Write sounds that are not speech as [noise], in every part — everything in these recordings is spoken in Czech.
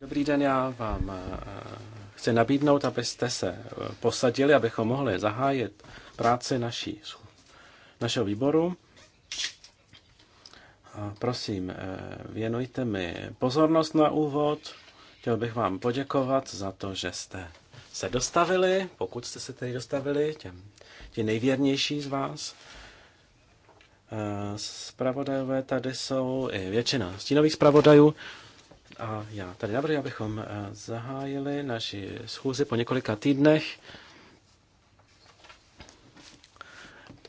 Dobrý den, já vám eh, chci nabídnout, abyste se eh, posadili, abychom mohli zahájit práci naší, našeho výboru. Prosím, eh, věnujte mi pozornost na úvod. Chtěl bych vám poděkovat za to, že jste se dostavili, pokud jste se tady dostavili, těm, těm nejvěrnější z vás. Spravodajové tady jsou i většina stínových spravodajů. A já tady navrhuji, abychom eh, zahájili naši schůzi po několika týdnech.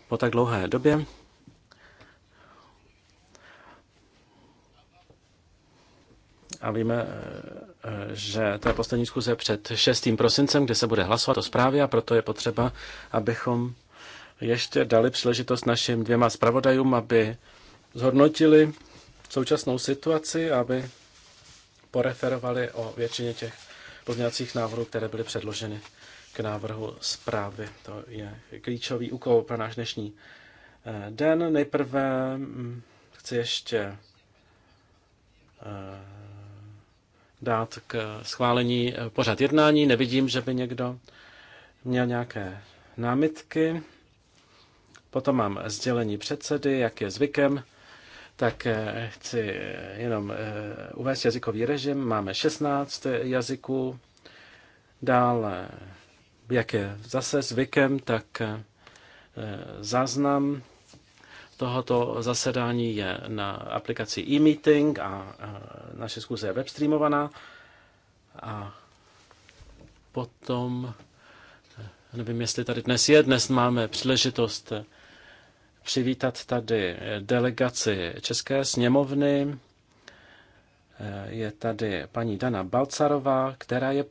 Po tak dlouhé době. A víme, eh, že to je poslední schůze před 6. prosincem, kde se bude hlasovat o zprávě a proto je potřeba, abychom ještě dali příležitost našim dvěma zpravodajům, aby zhodnotili současnou situaci, aby poreferovali o většině těch pozměňovacích návrhů, které byly předloženy k návrhu zprávy. To je klíčový úkol pro náš dnešní eh, den. Nejprve mm, chci ještě eh, dát k schválení eh, pořad jednání. Nevidím, že by někdo měl nějaké námitky. Potom mám sdělení předsedy, jak je zvykem, tak eh, chci eh, jenom eh, uvést jazykový režim. Máme 16 jazyků. Dále, jak je zase zvykem, tak záznam tohoto zasedání je na aplikaci e-meeting a naše zkuze je webstreamovaná. A potom, nevím, jestli tady dnes je, dnes máme příležitost přivítat tady delegaci České sněmovny. Eh, je tady paní Dana Balcarová, která je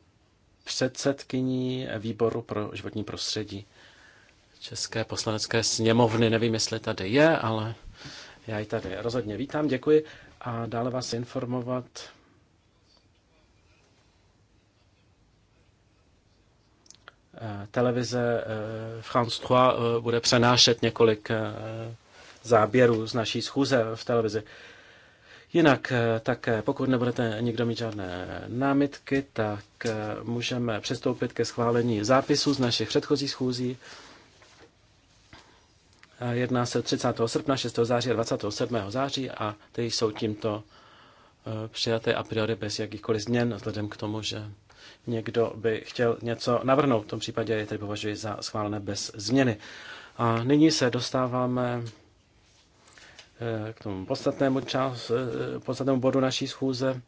předsedkyní výboru pro životní prostředí České poslanecké sněmovny. Nevím, jestli tady je, ale já ji tady rozhodně vítám, děkuji. A dále vás informovat Eh, televize eh, France 3 eh, bude přenášet několik záběrů z naší schůze v televizi. Jinak tak pokud nebudete nikdo mít žádné námitky, tak můžeme přistoupit ke schválení zápisu z našich předchozích schůzí. Jedná se 30. srpna, 6. září a 27. září a ty jsou tímto přijaté a priori bez jakýchkoliv změn, vzhledem k tomu, že někdo by chtěl něco navrhnout. V tom případě je tedy považuji za schválené bez změny. A nyní se dostáváme eh, k tomu podstatnému, čas, eh, podstatnému bodu naší schůze.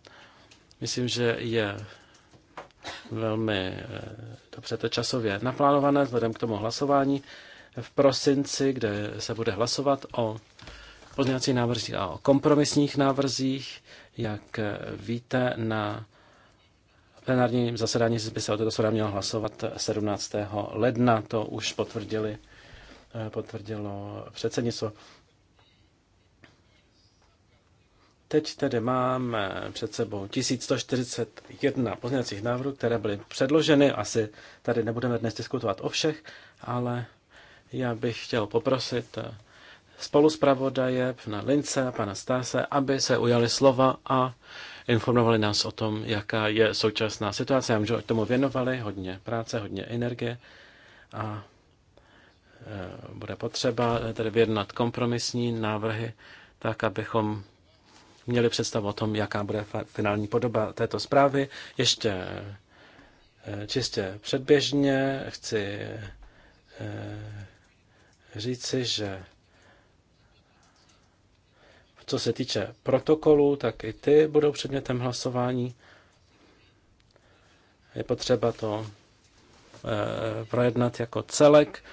Myslím, že je velmi eh, dobře to časově naplánované, vzhledem k tomu hlasování v prosinci, kde se bude hlasovat o pozměňovacích návrzích a o kompromisních návrzích. Jak víte, na plenárním zasedání by se o této shoda měla hlasovat 17. ledna. To už potvrdili, eh, potvrdilo předsednictvo. Teď tedy máme před sebou 1141 pozměňovacích návrhů, které byly předloženy. Asi tady nebudeme dnes diskutovat o všech, ale já bych chtěl poprosit eh, spoluzpravodaje, pana Lince a pana Stáse, aby se ujali slova a informovali nás o tom, jaká je současná situace. Já můžu tomu věnovali hodně práce, hodně energie a e, bude potřeba tedy vyjednat kompromisní návrhy, tak abychom měli představu o tom, jaká bude finální podoba této zprávy. Ještě e, čistě předběžně chci e, říci, že co se týče protokolu, tak i ty budou předmětem hlasování. Je potřeba to eh, projednat jako celek.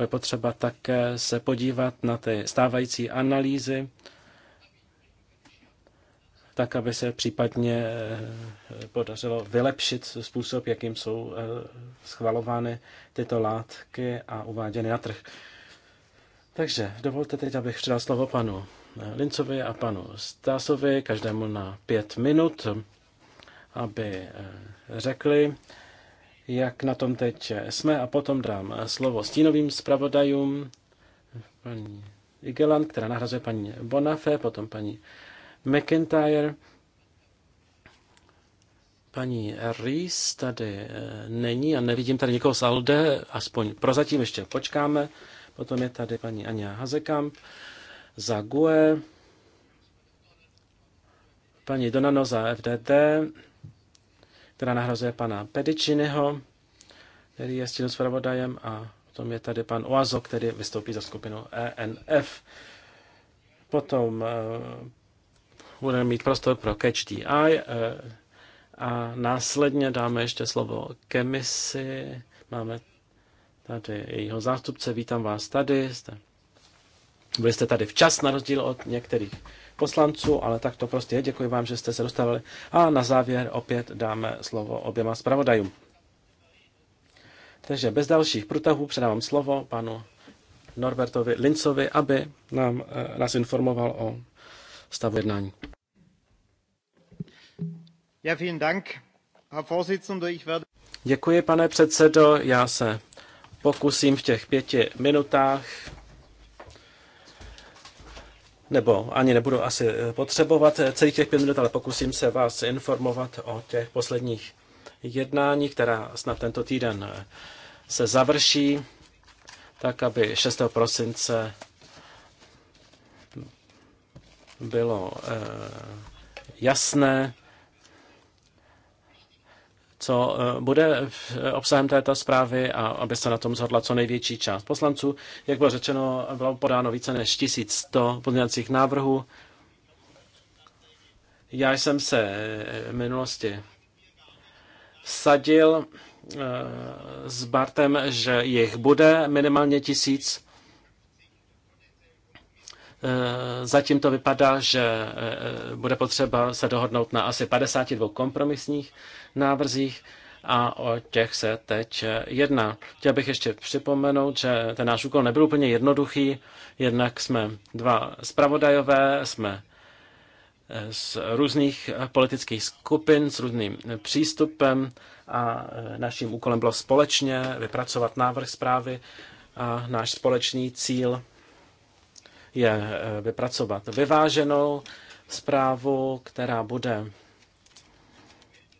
Je potřeba také se podívat na ty stávající analýzy, tak aby se případně eh, podařilo vylepšit způsob, jakým jsou eh, schvalovány tyto látky a uváděny na trh. Takže dovolte teď, abych předal slovo panu eh, Lincovi a panu Stásovi, každému na pět minut, aby eh, řekli, jak na tom teď jsme a potom dám slovo stínovým zpravodajům, paní Igelan, která nahrazuje paní Bonafé, potom paní McIntyre, paní Rees tady eh, není a nevidím tady někoho z Alde, aspoň prozatím ještě počkáme. Potom je tady paní Anja Hazekamp za GUE, paní Donano za FDT, která nahrazuje pana Pedičinyho, který je stíl zpravodajem a potom je tady pan Oazo, který vystoupí za skupinu ENF. Potom uh, budeme mít prostor pro Catch uh, a následně dáme ještě slovo kemisi. Máme tady jejího zástupce. Vítám vás tady. Jste, byli jste tady včas, na rozdíl od některých poslanců, ale tak to prostě je. Děkuji vám, že jste se dostavili. A na závěr opět dáme slovo oběma zpravodajům. Takže bez dalších průtahů předávám slovo panu Norbertovi Lincovi, aby nám, eh, nás informoval o stavu jednání. Děkuji, pane předsedo. Já se pokusím v těch pěti minutách, nebo ani nebudu asi eh, potřebovat eh, celých těch pět minut, ale pokusím se vás informovat o těch posledních jednáních, která snad tento týden eh, se završí, tak aby 6. prosince bylo jasné, co eh, bude eh, obsahem této zprávy a aby se na tom zhodla co největší část poslanců. Jak bylo řečeno, bylo podáno více než 1100 pozměňovacích návrhů. Já jsem se eh, v minulosti sadil s Bartem, že jich bude minimálně tisíc Eh, zatím to vypadá, že eh, bude potřeba se dohodnout na asi 52 kompromisních návrzích a o těch se teď jedná. Chtěl bych ještě připomenout, že ten náš úkol nebyl úplně jednoduchý, jednak jsme dva zpravodajové, jsme eh, z různých politických skupin, s různým přístupem a naším úkolem bylo společně vypracovat návrh zprávy a náš společný cíl je eh, vypracovat vyváženou zprávu, která bude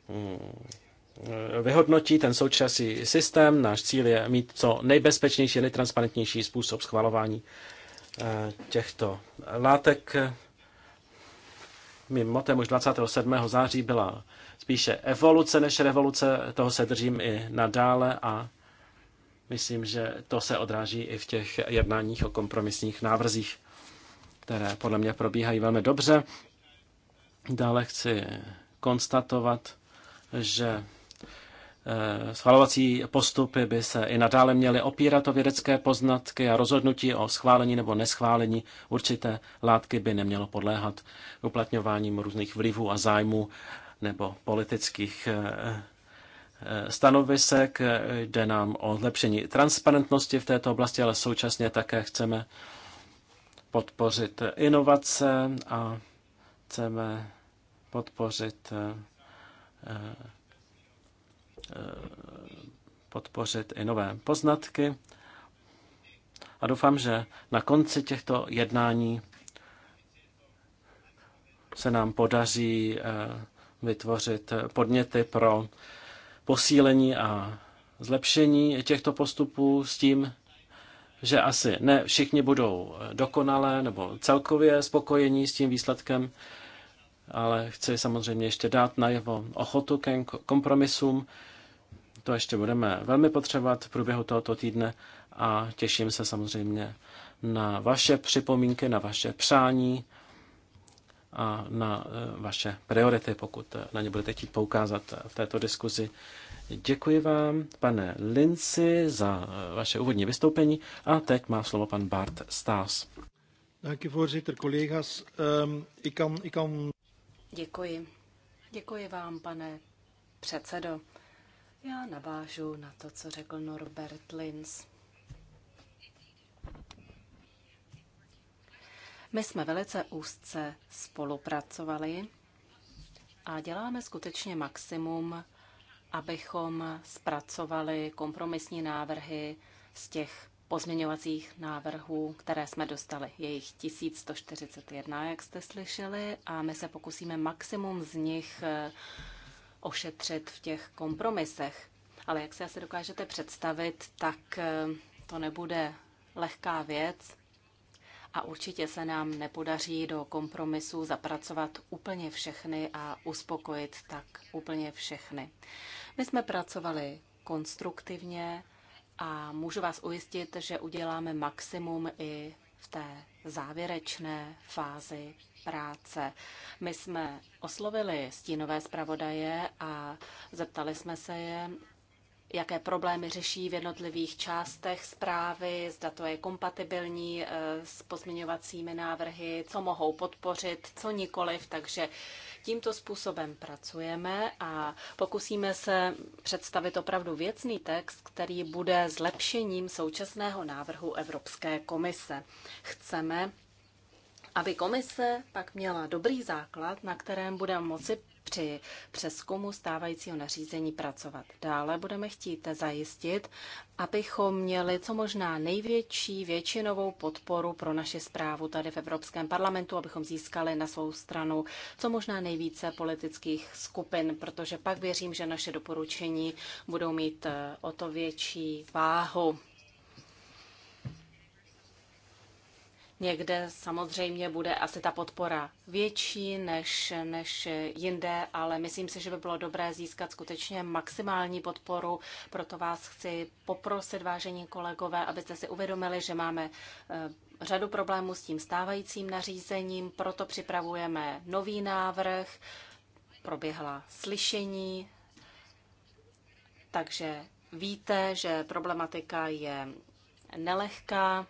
mm, vyhodnotí ten současný systém. Náš cíl je mít co nejbezpečnější, nejtransparentnější způsob schvalování eh, těchto látek. Mým motem už 27. září byla spíše evoluce než revoluce, toho se držím i nadále a myslím, že to se odráží i v těch jednáních o kompromisních návrzích které podle mě probíhají velmi dobře. Dále chci konstatovat, že eh, schvalovací postupy by se i nadále měly opírat o vědecké poznatky a rozhodnutí o schválení nebo neschválení určité látky by nemělo podléhat uplatňováním různých vlivů a zájmů nebo politických eh, eh, stanovisek. Jde nám o zlepšení transparentnosti v této oblasti, ale současně také chceme podpořit inovace a chceme podpořit eh, eh, podpořit i nové poznatky. A doufám, že na konci těchto jednání se nám podaří eh, vytvořit podněty pro posílení a zlepšení těchto postupů s tím, že asi ne všichni budou eh, dokonalé nebo celkově spokojení s tím výsledkem, ale chci samozřejmě ještě dát na jeho ochotu ke kompromisům. To ještě budeme velmi potřebovat v průběhu tohoto týdne a těším se samozřejmě na vaše připomínky, na vaše přání a na eh, vaše priority, pokud eh, na ně budete chtít poukázat v této diskuzi. Děkuji vám, pane Linci, za eh, vaše úvodní vystoupení a teď má slovo pan Bart Stás. Ehm, Děkuji. Děkuji vám, pane předsedo. Já navážu na to, co řekl Norbert Linz. My jsme velice úzce spolupracovali a děláme skutečně maximum abychom zpracovali kompromisní návrhy z těch pozměňovacích návrhů, které jsme dostali. Je jich 1141, jak jste slyšeli, a my se pokusíme maximum z nich eh, ošetřit v těch kompromisech. Ale jak si asi dokážete představit, tak eh, to nebude lehká věc, a určitě se nám nepodaří do kompromisu zapracovat úplně všechny a uspokojit tak úplně všechny. My jsme pracovali konstruktivně a můžu vás ujistit, že uděláme maximum i v té závěrečné fázi práce. My jsme oslovili stínové zpravodaje a zeptali jsme se je, jaké problémy řeší v jednotlivých částech zprávy, zda to je kompatibilní eh, s pozměňovacími návrhy, co mohou podpořit, co nikoliv, takže tímto způsobem pracujeme a pokusíme se představit opravdu věcný text, který bude zlepšením současného návrhu Evropské komise. Chceme, aby komise pak měla dobrý základ, na kterém bude moci při přeskumu stávajícího nařízení pracovat. Dále budeme chtít zajistit, abychom měli co možná největší většinovou podporu pro naši zprávu tady v Evropském parlamentu, abychom získali na svou stranu co možná nejvíce politických skupin, protože pak věřím, že naše doporučení budou mít eh, o to větší váhu. Někde samozřejmě bude asi ta podpora větší než, než jinde, ale myslím si, že by bylo dobré získat skutečně maximální podporu. Proto vás chci poprosit, vážení kolegové, abyste si uvědomili, že máme eh, řadu problémů s tím stávajícím nařízením, proto připravujeme nový návrh, proběhla slyšení, takže víte, že problematika je nelehká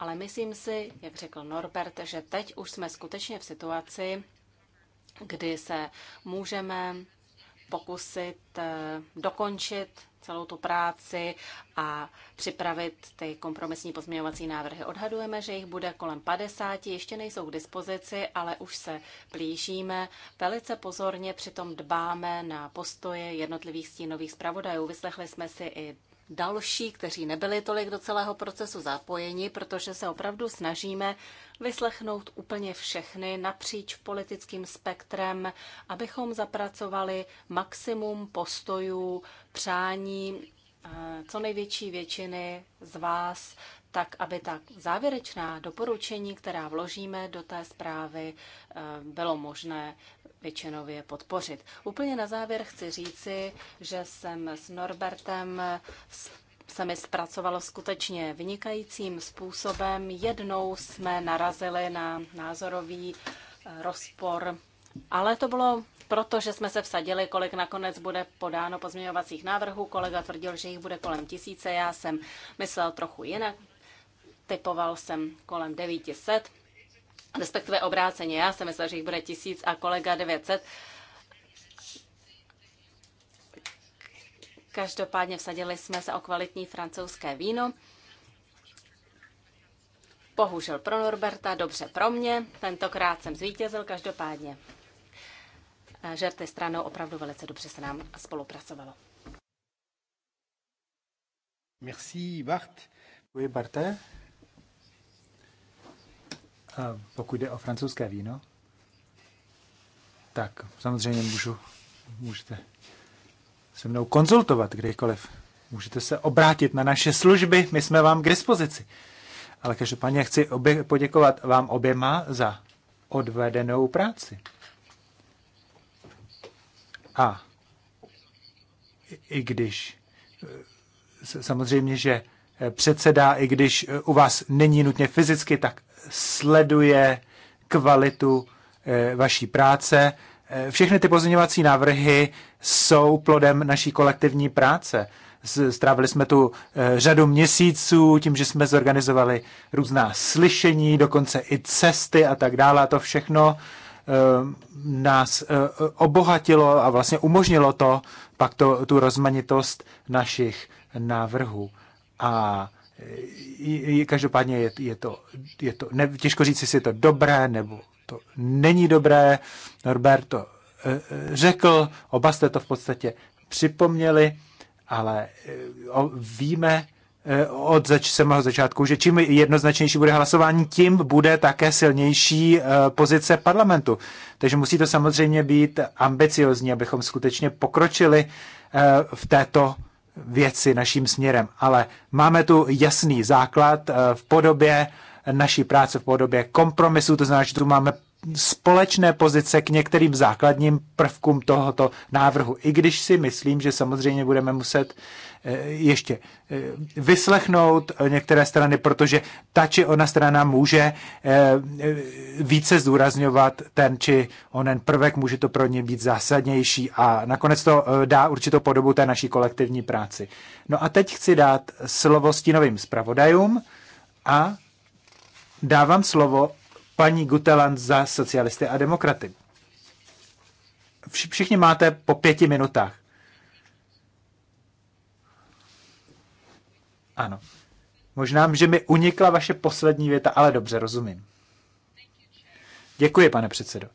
ale myslím si, jak řekl Norbert, že teď už jsme skutečně v situaci, kdy se můžeme pokusit eh, dokončit celou tu práci a připravit ty kompromisní pozměňovací návrhy. Odhadujeme, že jich bude kolem 50, ještě nejsou k dispozici, ale už se blížíme. Velice pozorně přitom dbáme na postoje jednotlivých stínových zpravodajů. Vyslechli jsme si i další, kteří nebyli tolik do celého procesu zapojeni, protože se opravdu snažíme vyslechnout úplně všechny napříč politickým spektrem, abychom zapracovali maximum postojů, přání eh, co největší většiny z vás, tak aby ta závěrečná doporučení, která vložíme do té zprávy, eh, bylo možné většinově podpořit. Úplně na závěr chci říci, že jsem s Norbertem se mi zpracovalo skutečně vynikajícím způsobem. Jednou jsme narazili na názorový eh, rozpor, ale to bylo proto, že jsme se vsadili, kolik nakonec bude podáno pozměňovacích návrhů. Kolega tvrdil, že jich bude kolem tisíce, já jsem myslel trochu jinak typoval jsem kolem 900, respektive obráceně. Já jsem myslel, že jich bude 1000 a kolega 900. Každopádně vsadili jsme se o kvalitní francouzské víno. Bohužel pro Norberta, dobře pro mě. Tentokrát jsem zvítězil každopádně. Eh, žerty stranou opravdu velice dobře se nám spolupracovalo. Merci Bart. Oui, Barte pokud jde o francouzské víno, tak samozřejmě můžu, můžete se mnou konzultovat kdykoliv. Můžete se obrátit na naše služby, my jsme vám k dispozici. Ale každopádně chci obě, poděkovat vám oběma za odvedenou práci. A i když e, samozřejmě, že e, předsedá, i když e, u vás není nutně fyzicky, tak sleduje kvalitu eh, vaší práce. Eh, všechny ty pozměňovací návrhy jsou plodem naší kolektivní práce. Strávili jsme tu eh, řadu měsíců tím, že jsme zorganizovali různá slyšení, dokonce i cesty a tak dále. A to všechno nás obohatilo a vlastně umožnilo to pak to, tu rozmanitost našich návrhů. A každopádně je, je to, je to ne, těžko říct, jestli je to dobré nebo to není dobré. Norbert to eh, eh, řekl, oba jste to v podstatě připomněli, ale eh, víme od zač- samého začátku, že čím jednoznačnější bude hlasování, tím bude také silnější pozice parlamentu. Takže musí to samozřejmě být ambiciozní, abychom skutečně pokročili v této věci naším směrem. Ale máme tu jasný základ eh, v podobě naší práce, v podobě kompromisu, to znamená, že tu máme společné pozice k některým základním prvkům tohoto návrhu. I když si myslím, že samozřejmě budeme muset Eh, ještě eh, vyslechnout eh, některé strany, protože ta či ona strana může více zdůrazňovat ten či onen prvek, může to pro ně být zásadnější a nakonec to dá určitou podobu té naší kolektivní práci. No a teď chci dát slovo stínovým zpravodajům a dávám slovo paní Guteland za socialisty a demokraty. Všichni máte po pěti minutách. Ano. Možná, že mi unikla vaše poslední věta, ale dobře, rozumím. Děkuji, pane předsedo.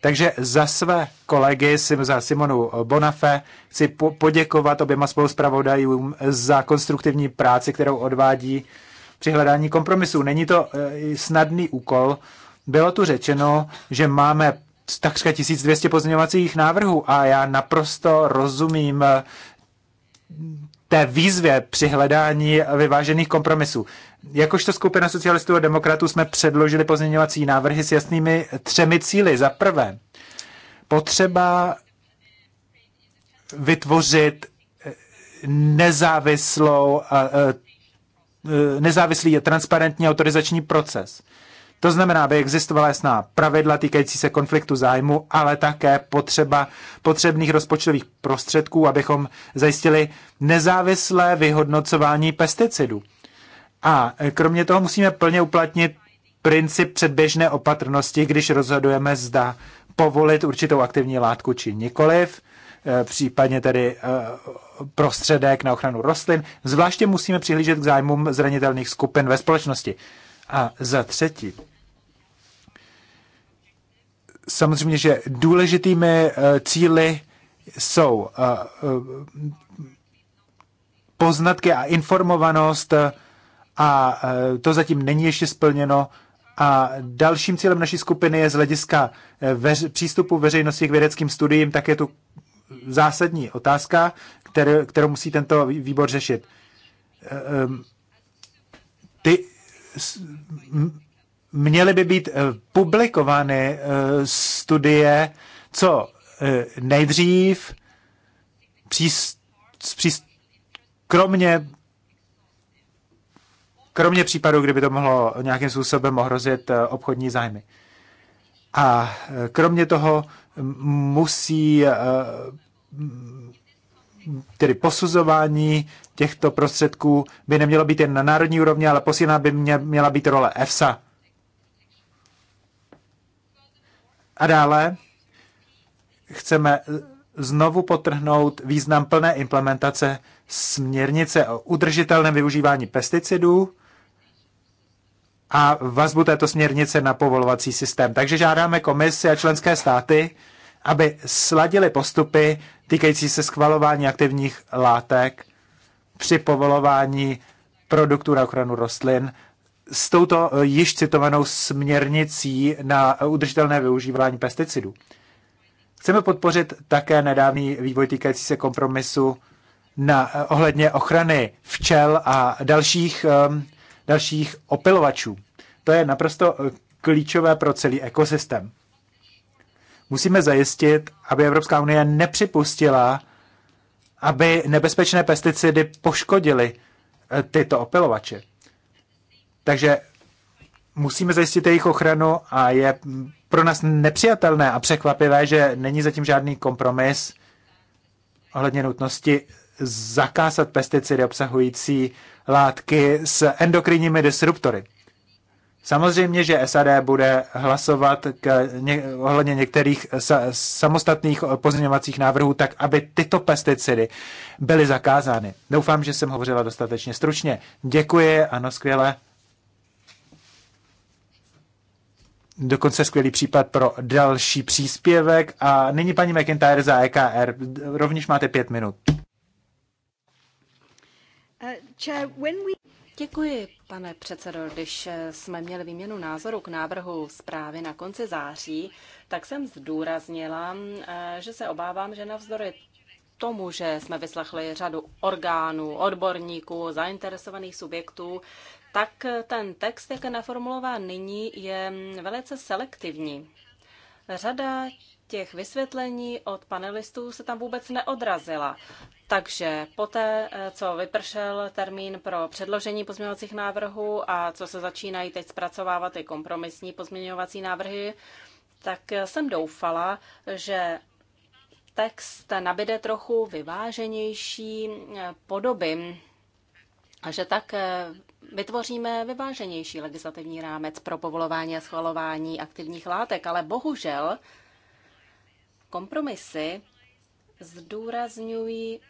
Takže za své kolegy, za Simonu Bonafé, chci poděkovat oběma spoluzpravodajům za konstruktivní práci, kterou odvádí při hledání kompromisů. Není to e, snadný úkol. Bylo tu řečeno, že máme takřka 1200 pozměňovacích návrhů a já naprosto rozumím té výzvě při hledání vyvážených kompromisů. Jakožto skupina socialistů a demokratů jsme předložili pozměňovací návrhy s jasnými třemi cíly. Za prvé, potřeba vytvořit eh, nezávislou, eh, eh, nezávislý a transparentní autorizační proces. To znamená, aby existovala jasná pravidla týkající se konfliktu zájmu, ale také potřeba potřebných rozpočtových prostředků, abychom zajistili nezávislé vyhodnocování pesticidů. A kromě toho musíme plně uplatnit princip předběžné opatrnosti, když rozhodujeme, zda povolit určitou aktivní látku či nikoliv, eh, případně tedy eh, prostředek na ochranu rostlin. Zvláště musíme přihlížet k zájmům zranitelných skupin ve společnosti. A za třetí, samozřejmě, že důležitými eh, cíly jsou eh, eh, poznatky a informovanost a to zatím není ještě splněno. A dalším cílem naší skupiny je z hlediska veř, přístupu veřejnosti k vědeckým studiím, tak je tu zásadní otázka, kterou musí tento výbor řešit. Ehm, ty měly by být eh, publikovány eh, studie co eh, nejdřív, přís, přís, kromě, kromě případů, kdyby to mohlo nějakým způsobem ohrozit obchodní zájmy. A kromě toho musí tedy posuzování těchto prostředků by nemělo být jen na národní úrovni, ale posílená by mě, měla být role EFSA. A dále chceme znovu potrhnout význam plné implementace směrnice o udržitelném využívání pesticidů a vazbu této směrnice na povolovací systém. Takže žádáme komisi a členské státy, aby sladili postupy týkající se schvalování aktivních látek při povolování produktů na ochranu rostlin s touto eh, již citovanou směrnicí na eh, udržitelné využívání pesticidů. Chceme podpořit také nedávný vývoj týkající se kompromisu na, eh, ohledně ochrany včel a dalších, um, dalších opilovačů. To je naprosto klíčové pro celý ekosystém. Musíme zajistit, aby Evropská unie nepřipustila, aby nebezpečné pesticidy poškodily eh, tyto opilovače. Takže musíme zajistit jejich ochranu a je pro nás nepřijatelné a překvapivé, že není zatím žádný kompromis ohledně nutnosti zakázat pesticidy obsahující látky s endokrinními disruptory. Samozřejmě, že SAD bude hlasovat k ně, ohledně některých sa, samostatných pozměňovacích návrhů tak, aby tyto pesticidy byly zakázány. Doufám, že jsem hovořila dostatečně stručně. Děkuji, ano, skvěle. Dokonce skvělý případ pro další příspěvek. A nyní paní McIntyre za EKR. Rovněž máte pět minut. Uh, chair, when we... Děkuji, pane předsedo. Když eh, jsme měli výměnu názoru k návrhu zprávy na konci září, tak jsem zdůraznila, eh, že se obávám, že navzdory tomu, že jsme vyslechli řadu orgánů, odborníků, zainteresovaných subjektů, tak eh, ten text, jak je naformulován nyní, je mm, velice selektivní. Řada těch vysvětlení od panelistů se tam vůbec neodrazila. Takže poté, eh, co vypršel termín pro předložení pozměňovacích návrhů a co se začínají teď zpracovávat i kompromisní pozměňovací návrhy, tak jsem doufala, že text nabide trochu vyváženější eh, podoby a že tak eh, vytvoříme vyváženější legislativní rámec pro povolování a schvalování aktivních látek, ale bohužel kompromisy zdůrazňují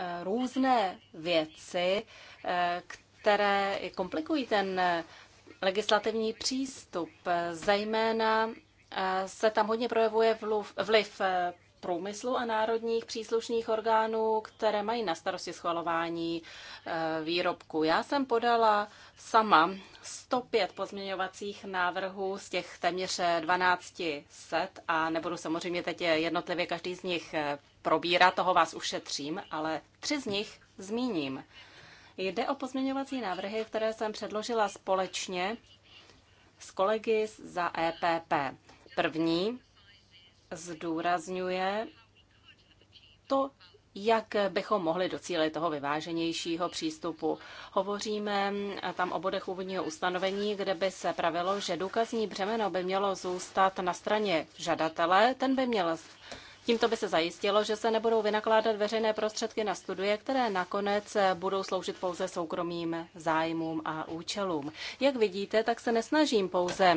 Eh, různé věci, eh, které komplikují ten eh, legislativní přístup. Zejména se tam hodně projevuje vliv průmyslu a národních příslušných orgánů, které mají na starosti schvalování výrobku. Já jsem podala sama 105 pozměňovacích návrhů z těch téměř 12 set a nebudu samozřejmě teď jednotlivě každý z nich probírat, toho vás ušetřím, ale tři z nich zmíním. Jde o pozměňovací návrhy, které jsem předložila společně s kolegy za EPP. První zdůrazňuje to, jak bychom mohli docílit toho vyváženějšího přístupu. Hovoříme tam o bodech úvodního ustanovení, kde by se pravilo, že důkazní břemeno by mělo zůstat na straně žadatele, ten by měl Tímto by se zajistilo, že se nebudou vynakládat veřejné prostředky na studie, které nakonec budou sloužit pouze soukromým zájmům a účelům. Jak vidíte, tak se nesnažím pouze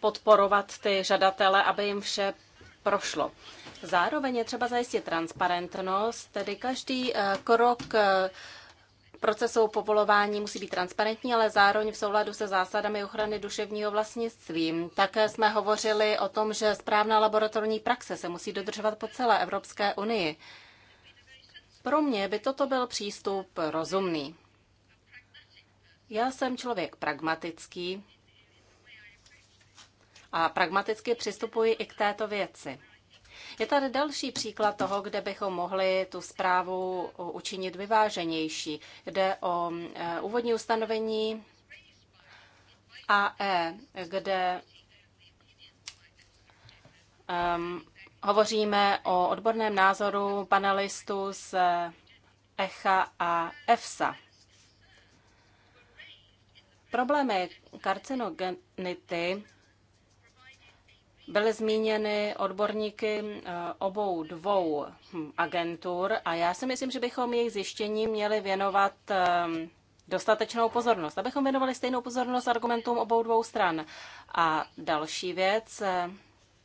podporovat ty žadatele, aby jim vše prošlo. Zároveň je třeba zajistit transparentnost, tedy každý eh, krok eh, procesu povolování musí být transparentní, ale zároveň v souladu se zásadami ochrany duševního vlastnictví. Také jsme hovořili o tom, že správná laboratorní praxe se musí dodržovat po celé Evropské unii. Pro mě by toto byl přístup rozumný. Já jsem člověk pragmatický a pragmaticky přistupuji i k této věci. Je tady další příklad toho, kde bychom mohli tu zprávu učinit vyváženější. Jde o eh, úvodní ustanovení AE, kde um, hovoříme o odborném názoru panelistů z ECHA a EFSA. Problémy karcinogenity byly zmíněny odborníky eh, obou dvou hm, agentur a já si myslím, že bychom jejich zjištění měli věnovat ehm, dostatečnou pozornost, abychom věnovali stejnou pozornost argumentům obou dvou stran. A další věc, eh,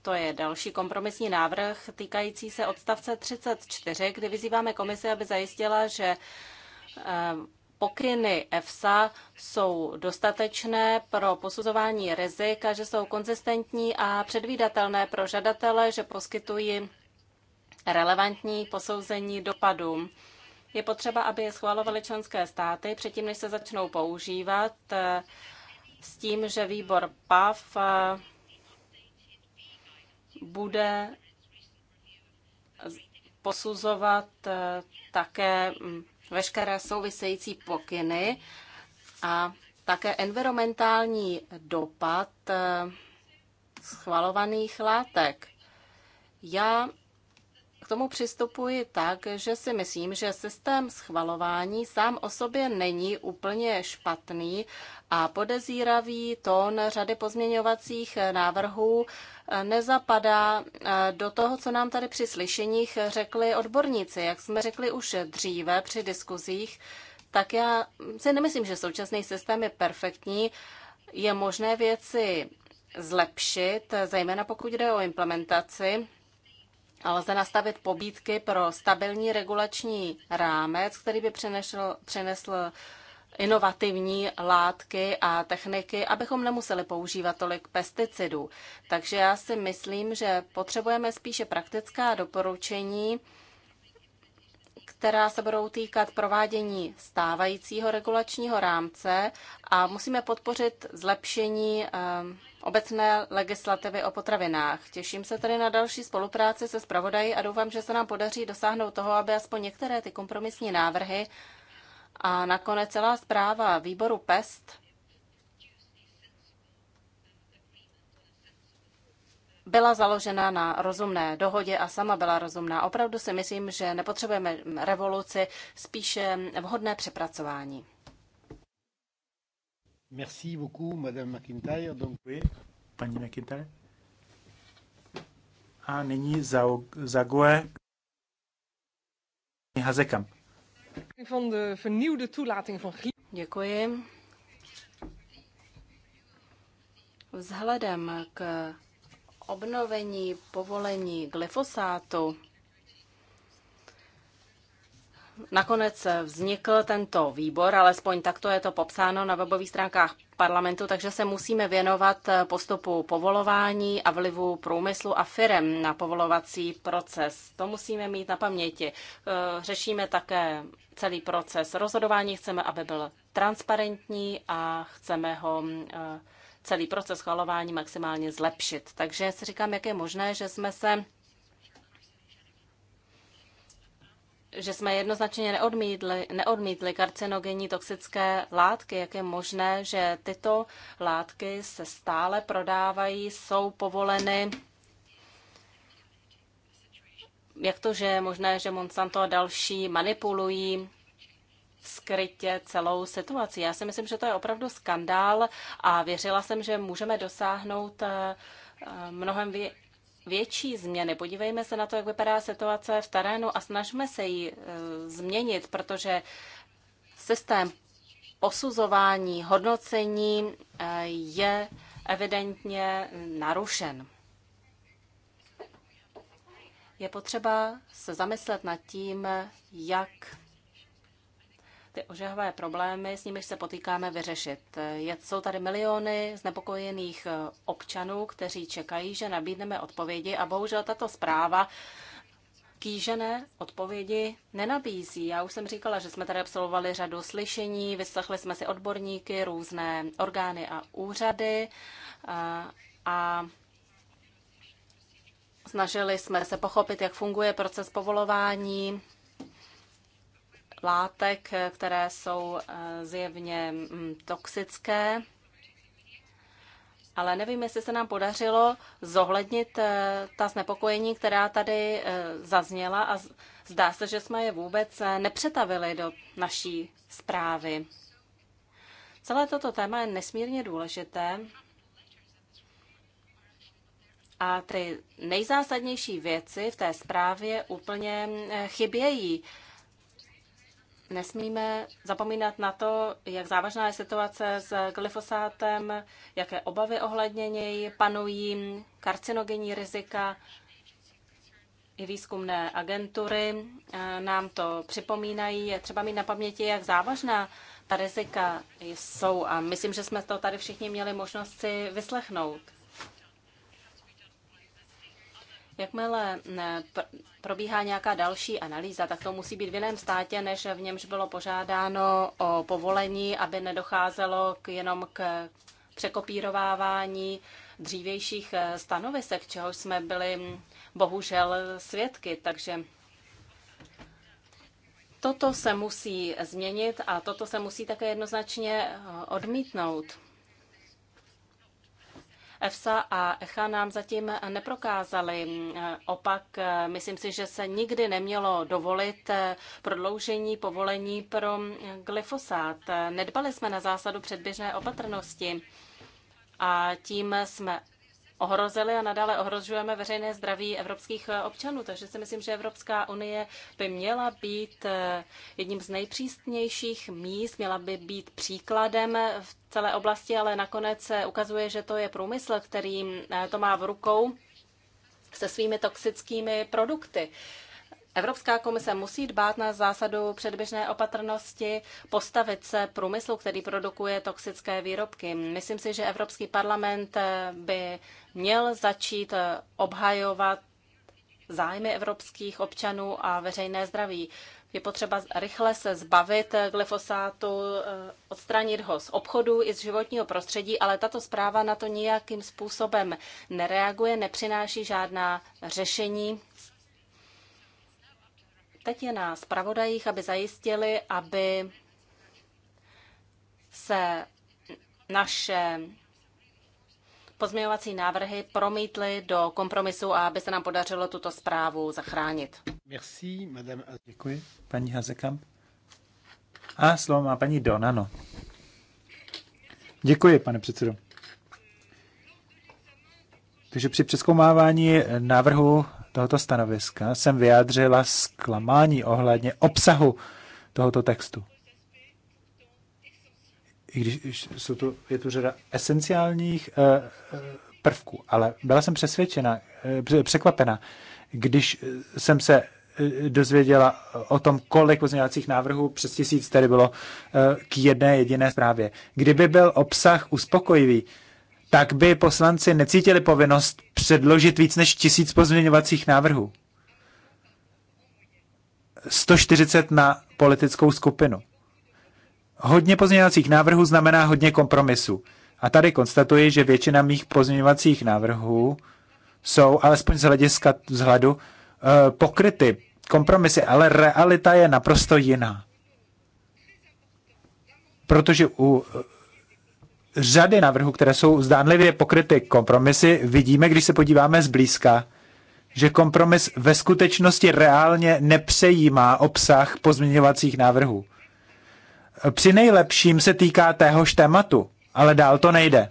to je další kompromisní návrh týkající se odstavce 34, kdy vyzýváme komisi, aby zajistila, že eh, pokyny EFSA jsou dostatečné pro posuzování rizik a že jsou konzistentní a předvídatelné pro žadatele, že poskytují relevantní posouzení dopadů. Je potřeba, aby je schvalovaly členské státy předtím, než se začnou používat, eh, s tím, že výbor PAF eh, bude posuzovat eh, také mm, veškeré související pokyny a také environmentální dopad eh, schvalovaných látek. Já k tomu přistupuji tak, že si myslím, že systém schvalování sám o sobě není úplně špatný a podezíravý tón řady pozměňovacích návrhů nezapadá eh, do toho, co nám tady při slyšeních řekli odborníci. Jak jsme řekli už dříve při diskuzích, tak já si nemyslím, že současný systém je perfektní. Je možné věci zlepšit, zejména pokud jde o implementaci. ale lze nastavit pobídky pro stabilní regulační rámec, který by přinesl, přinesl inovativní látky a techniky, abychom nemuseli používat tolik pesticidů. Takže já si myslím, že potřebujeme spíše praktická doporučení, která se budou týkat provádění stávajícího regulačního rámce a musíme podpořit zlepšení ehm, obecné legislativy o potravinách. Těším se tedy na další spolupráci se zpravodají a doufám, že se nám podaří dosáhnout toho, aby aspoň některé ty kompromisní návrhy a nakonec celá zpráva výboru PEST byla založena na rozumné dohodě a sama byla rozumná. Opravdu si myslím, že nepotřebujeme revoluci, spíše vhodné přepracování. Merci beaucoup, Madame McIntyre. Donc... Oui, paní McIntyre. A nyní za, za Van de vernieuwde toelating van Děkuji. Vzhledem k obnovení povolení glyfosátu nakonec vznikl tento výbor, alespoň takto je to popsáno na webových stránkách parlamentu, takže se musíme věnovat postupu povolování a vlivu průmyslu a firem na povolovací proces. To musíme mít na paměti. Eh, řešíme také celý proces rozhodování, chceme, aby byl transparentní a chceme ho eh, celý proces schvalování maximálně zlepšit. Takže si říkám, jak je možné, že jsme se že jsme jednoznačně neodmítli, neodmítli karcinogenní toxické látky. Jak je možné, že tyto látky se stále prodávají, jsou povoleny? Jak to, že je možné, že Monsanto a další manipulují skrytě celou situaci? Já si myslím, že to je opravdu skandál a věřila jsem, že můžeme dosáhnout eh, eh, mnohem větší změny. Podívejme se na to, jak vypadá situace v terénu a snažme se ji e, změnit, protože systém posuzování, hodnocení e, je evidentně narušen. Je potřeba se zamyslet nad tím, jak ty ožehavé problémy, s nimiž se potýkáme, vyřešit. Je, jsou tady miliony znepokojených eh, občanů, kteří čekají, že nabídneme odpovědi a bohužel tato zpráva kýžené odpovědi nenabízí. Já už jsem říkala, že jsme tady absolvovali řadu slyšení, vyslechli jsme si odborníky, různé orgány a úřady a, eh, a snažili jsme se pochopit, jak funguje proces povolování látek, které jsou eh, zjevně mm, toxické. Ale nevím, jestli se nám podařilo zohlednit eh, ta znepokojení, která tady eh, zazněla a zdá se, že jsme je vůbec nepřetavili do naší zprávy. Celé toto téma je nesmírně důležité a ty nejzásadnější věci v té zprávě úplně chybějí nesmíme zapomínat na to, jak závažná je situace s glyfosátem, jaké obavy ohledně něj panují, karcinogenní rizika. I výzkumné agentury eh, nám to připomínají. Je třeba mít na paměti, jak závažná ta rizika jsou a myslím, že jsme to tady všichni měli možnost si vyslechnout. Jakmile probíhá nějaká další analýza, tak to musí být v jiném státě, než v němž bylo požádáno o povolení, aby nedocházelo k jenom k překopírovávání dřívějších eh, stanovisek, čeho jsme byli hm, bohužel svědky. Takže toto se musí změnit a toto se musí také jednoznačně eh, odmítnout. EFSA a ECHA nám zatím neprokázali. Eh, opak, eh, myslím si, že se nikdy nemělo dovolit eh, prodloužení povolení pro glyfosát. Nedbali jsme na zásadu předběžné opatrnosti a tím jsme ohrozili a nadále ohrožujeme veřejné zdraví evropských eh, občanů. Takže si myslím, že Evropská unie by měla být eh, jedním z nejpřísnějších míst, měla by být příkladem eh, v celé oblasti, ale nakonec se ukazuje, že to je průmysl, který to má v rukou se svými toxickými produkty. Evropská komise musí dbát na zásadu předběžné opatrnosti, postavit se průmyslu, který produkuje toxické výrobky. Myslím si, že Evropský parlament by měl začít obhajovat zájmy evropských občanů a veřejné zdraví. Je potřeba rychle se zbavit glyfosátu, odstranit ho z obchodu i z životního prostředí, ale tato zpráva na to nijakým způsobem nereaguje, nepřináší žádná řešení Teď je na zpravodajích, aby zajistili, aby se naše pozměňovací návrhy promítly do kompromisu a aby se nám podařilo tuto zprávu zachránit. Merci, madame. Děkuji, paní Hazekamp. A slovo má paní Donano. Děkuji, pane předsedo. Takže při přeskoumávání návrhu tohoto stanoviska jsem vyjádřila zklamání ohledně obsahu tohoto textu. I když jsou tu, je tu řada esenciálních eh, eh, prvků, ale byla jsem přesvědčena, eh, překvapena, když jsem se dozvěděla o tom, kolik pozměňovacích návrhů přes tisíc tady bylo k jedné jediné zprávě. Kdyby byl obsah uspokojivý, tak by poslanci necítili povinnost předložit víc než tisíc pozměňovacích návrhů. 140 na politickou skupinu. Hodně pozměňovacích návrhů znamená hodně kompromisů. A tady konstatuji, že většina mých pozměňovacích návrhů jsou, alespoň z hlediska vzhledu, eh, pokryty kompromisy, ale realita je naprosto jiná. Protože u řady návrhů, které jsou zdánlivě pokryty kompromisy, vidíme, když se podíváme zblízka, že kompromis ve skutečnosti reálně nepřejímá obsah pozměňovacích návrhů. Při nejlepším se týká téhož tématu, ale dál to nejde.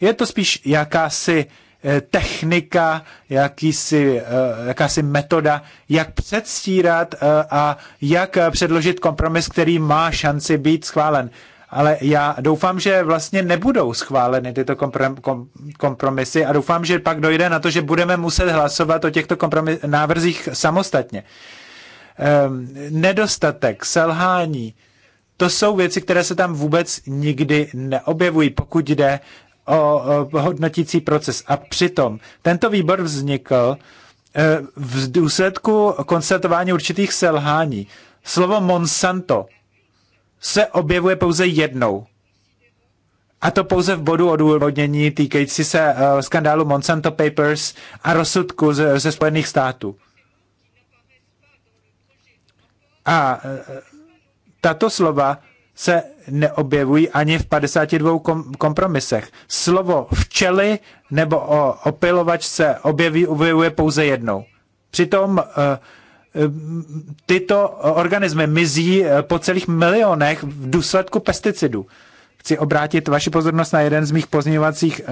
Je to spíš jakási eh, technika, jakýsi, eh, jakási metoda, jak předstírat eh, a jak předložit kompromis, který má šanci být schválen ale já doufám, že vlastně nebudou schváleny tyto kompromisy a doufám, že pak dojde na to, že budeme muset hlasovat o těchto kompromis- návrzích samostatně. Ehm, nedostatek, selhání, to jsou věci, které se tam vůbec nikdy neobjevují, pokud jde o hodnotící proces. A přitom tento výbor vznikl eh, v důsledku konstatování určitých selhání. Slovo Monsanto se objevuje pouze jednou. A to pouze v bodu odůvodnění týkající se uh, skandálu Monsanto Papers a rozsudku ze, ze Spojených států. A uh, tato slova se neobjevují ani v 52 kom- kompromisech. Slovo včely nebo o opilovačce objeví, objevuje pouze jednou. Přitom uh, tyto organismy mizí eh, po celých milionech v důsledku pesticidů. Chci obrátit vaši pozornost na jeden z mých pozměňovacích eh,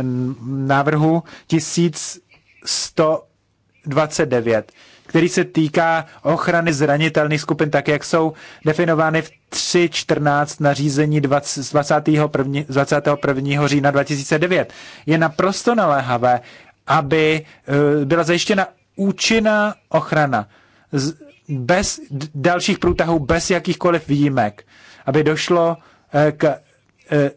návrhů 1129, který se týká ochrany zranitelných skupin, tak jak jsou definovány v 3.14 nařízení 20, 21, 21. října 2009. Je naprosto naléhavé, aby eh, byla zajištěna účinná ochrana bez dalších průtahů, bez jakýchkoliv výjimek, aby došlo eh, k eh,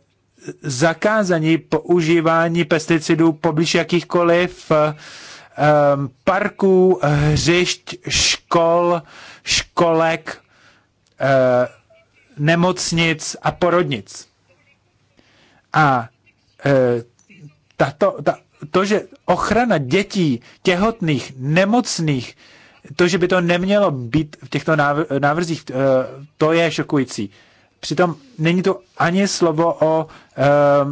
zakázaní používání pesticidů poblíž jakýchkoliv eh, parků, hřišť, škol, školek, nemocnic a porodnic. A tato, ta, to, že ochrana dětí, těhotných, nemocných to, že by to nemělo být v těchto návrzích, eh, to je šokující. Přitom není to ani slovo o eh,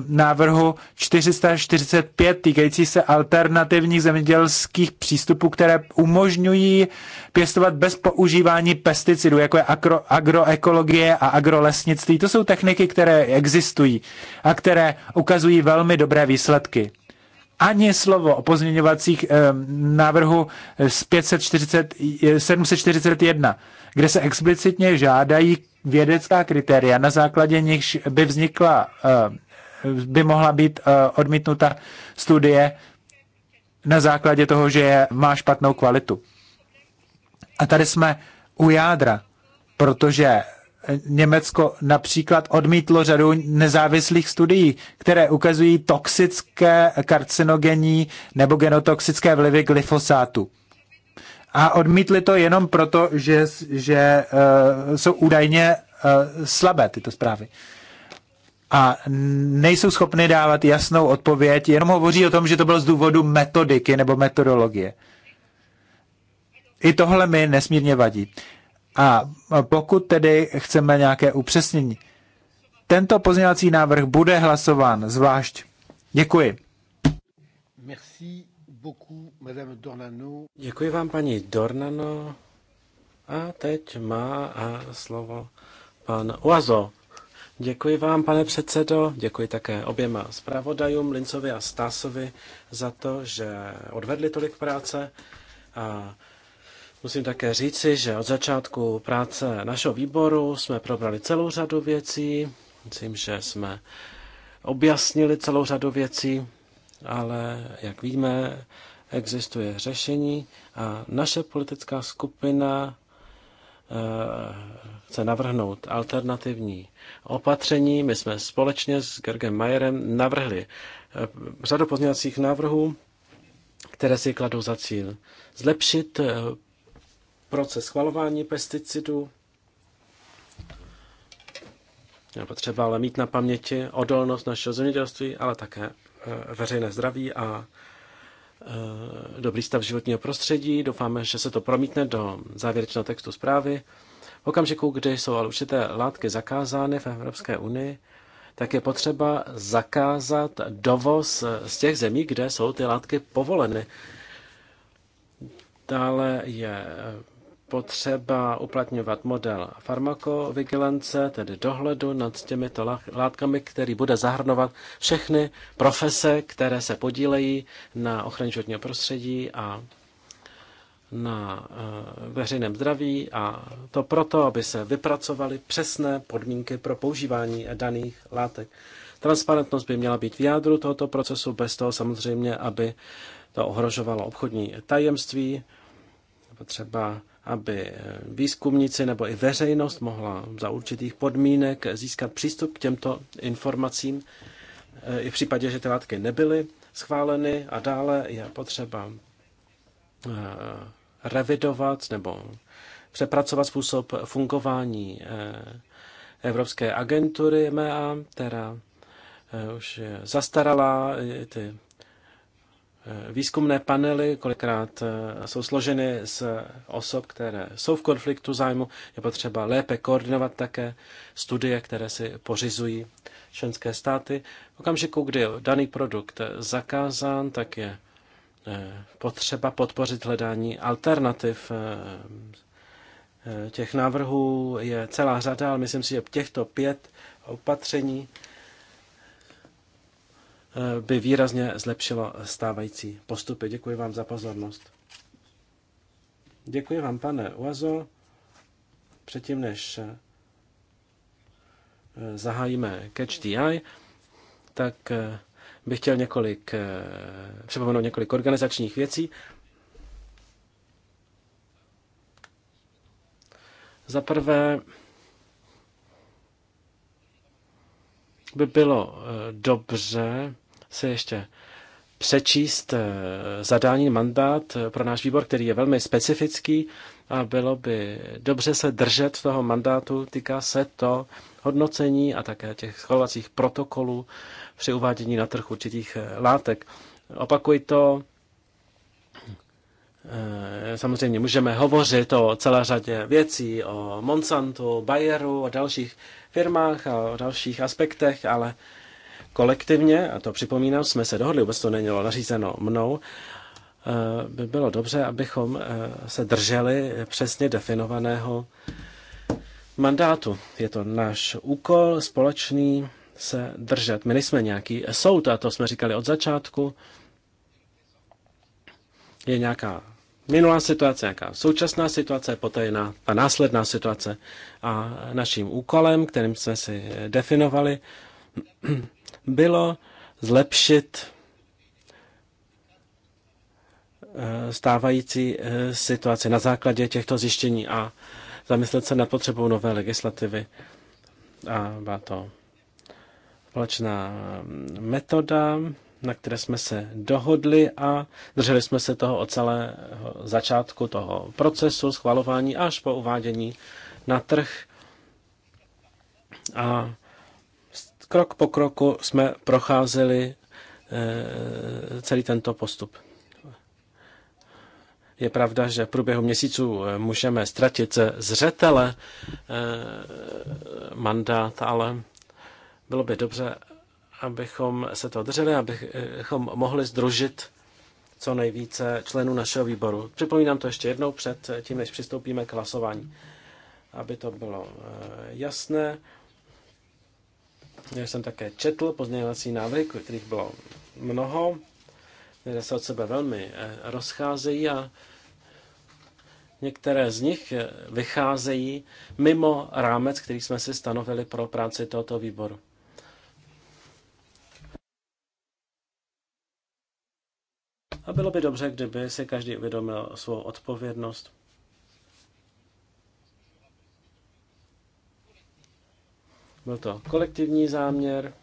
návrhu 445 týkající se alternativních zemědělských přístupů, které umožňují pěstovat bez používání pesticidů, jako je agro, agroekologie a agrolesnictví. To jsou techniky, které existují a které ukazují velmi dobré výsledky ani slovo o pozměňovacích eh, návrhu z 540, 741, eh, kde se explicitně žádají vědecká kritéria, na základě nichž by vznikla, eh, by mohla být odmítnuta studie na základě toho, že je, má špatnou kvalitu. A tady jsme u jádra, protože Německo například odmítlo řadu nezávislých studií, které ukazují toxické karcinogenní nebo genotoxické vlivy glyfosátu. A odmítli to jenom proto, že, že uh, jsou údajně uh, slabé tyto zprávy. A nejsou schopny dávat jasnou odpověď, jenom hovoří o tom, že to bylo z důvodu metodiky nebo metodologie. I tohle mi nesmírně vadí. A pokud tedy chceme nějaké upřesnění, tento pozměňovací návrh bude hlasován zvlášť. Děkuji. Merci beaucoup, Madame Dornano. Děkuji vám, paní Dornano. A teď má a slovo pan Uazo. Děkuji vám, pane předsedo. Děkuji také oběma zpravodajům, Lincovi a Stásovi, za to, že odvedli tolik práce. A Musím také říci, že od začátku práce našeho výboru jsme probrali celou řadu věcí. Myslím, že jsme objasnili celou řadu věcí, ale jak víme, existuje řešení a naše politická skupina eh, chce navrhnout alternativní opatření. My jsme společně s Gergem Majerem navrhli eh, řadu pozměňovacích návrhů, které si kladou za cíl zlepšit eh, proces schvalování pesticidů. Je potřeba ale mít na paměti odolnost našeho zemědělství, ale také eh, veřejné zdraví a eh, dobrý stav životního prostředí. Doufáme, že se to promítne do závěrečného textu zprávy. V okamžiku, kdy jsou ale určité látky zakázány v Evropské unii, tak je potřeba zakázat dovoz eh, z těch zemí, kde jsou ty látky povoleny. Dále je potřeba uplatňovat model farmakovigilance, tedy dohledu nad těmito látkami, který bude zahrnovat všechny profese, které se podílejí na ochraně životního prostředí a na eh, veřejném zdraví a to proto, aby se vypracovaly přesné podmínky pro používání daných látek. Transparentnost by měla být v jádru tohoto procesu, bez toho samozřejmě, aby to ohrožovalo obchodní tajemství, třeba aby výzkumníci nebo i veřejnost mohla za určitých podmínek získat přístup k těmto informacím eh, i v případě, že ty látky nebyly schváleny a dále je potřeba eh, revidovat nebo přepracovat způsob fungování eh, Evropské agentury MEA, která už je zastaralá, ty Eh, výzkumné panely, kolikrát eh, jsou složeny z osob, které jsou v konfliktu zájmu. Je potřeba lépe koordinovat také studie, které si pořizují členské státy. V okamžiku, kdy je daný produkt zakázán, tak je eh, potřeba podpořit hledání alternativ. Těch návrhů je celá řada, ale myslím si, že těchto pět opatření by výrazně zlepšilo stávající postupy. Děkuji vám za pozornost. Děkuji vám, pane Uazo. Předtím, než eh, zahájíme Catch the Eye, tak eh, bych chtěl několik, eh, připomenout několik organizačních věcí. Za prvé by bylo dobře, se ještě přečíst eh, zadání mandát eh, pro náš výbor, který je velmi specifický a bylo by dobře se držet toho mandátu. Týká se to hodnocení a také těch schvalovacích protokolů při uvádění na trh určitých eh, látek. Opakuji to, samozřejmě můžeme hovořit o celé řadě věcí, o Monsantu, Bayeru, o dalších firmách a o dalších aspektech, ale Kolektivně, a to připomínám, jsme se dohodli, vůbec to nemělo nařízeno mnou, eh, by bylo dobře, abychom eh, se drželi přesně definovaného mandátu. Je to náš úkol společný se držet. My nejsme nějaký soud, a to jsme říkali od začátku. Je nějaká minulá situace, nějaká současná situace, poté je ta následná situace. A naším úkolem, kterým jsme si definovali, bylo zlepšit eh, stávající eh, situaci na základě těchto zjištění a zamyslet se nad potřebou nové legislativy. A byla to společná mm, metoda, na které jsme se dohodli a drželi jsme se toho od celého začátku toho procesu schvalování až po uvádění na trh. A krok po kroku jsme procházeli eh, celý tento postup. Je pravda, že v průběhu měsíců eh, můžeme ztratit zřetele eh, mandát, ale bylo by dobře, abychom se to drželi, abychom mohli združit co nejvíce členů našeho výboru. Připomínám to ještě jednou před tím, než přistoupíme k hlasování, aby to bylo jasné. Já jsem také četl pozměňovací návrhy, kterých bylo mnoho, které se od sebe velmi eh, rozcházejí a některé z nich eh, vycházejí mimo rámec, který jsme si stanovili pro práci tohoto výboru. A bylo by dobře, kdyby si každý uvědomil svou odpovědnost Byl to kolektivní záměr.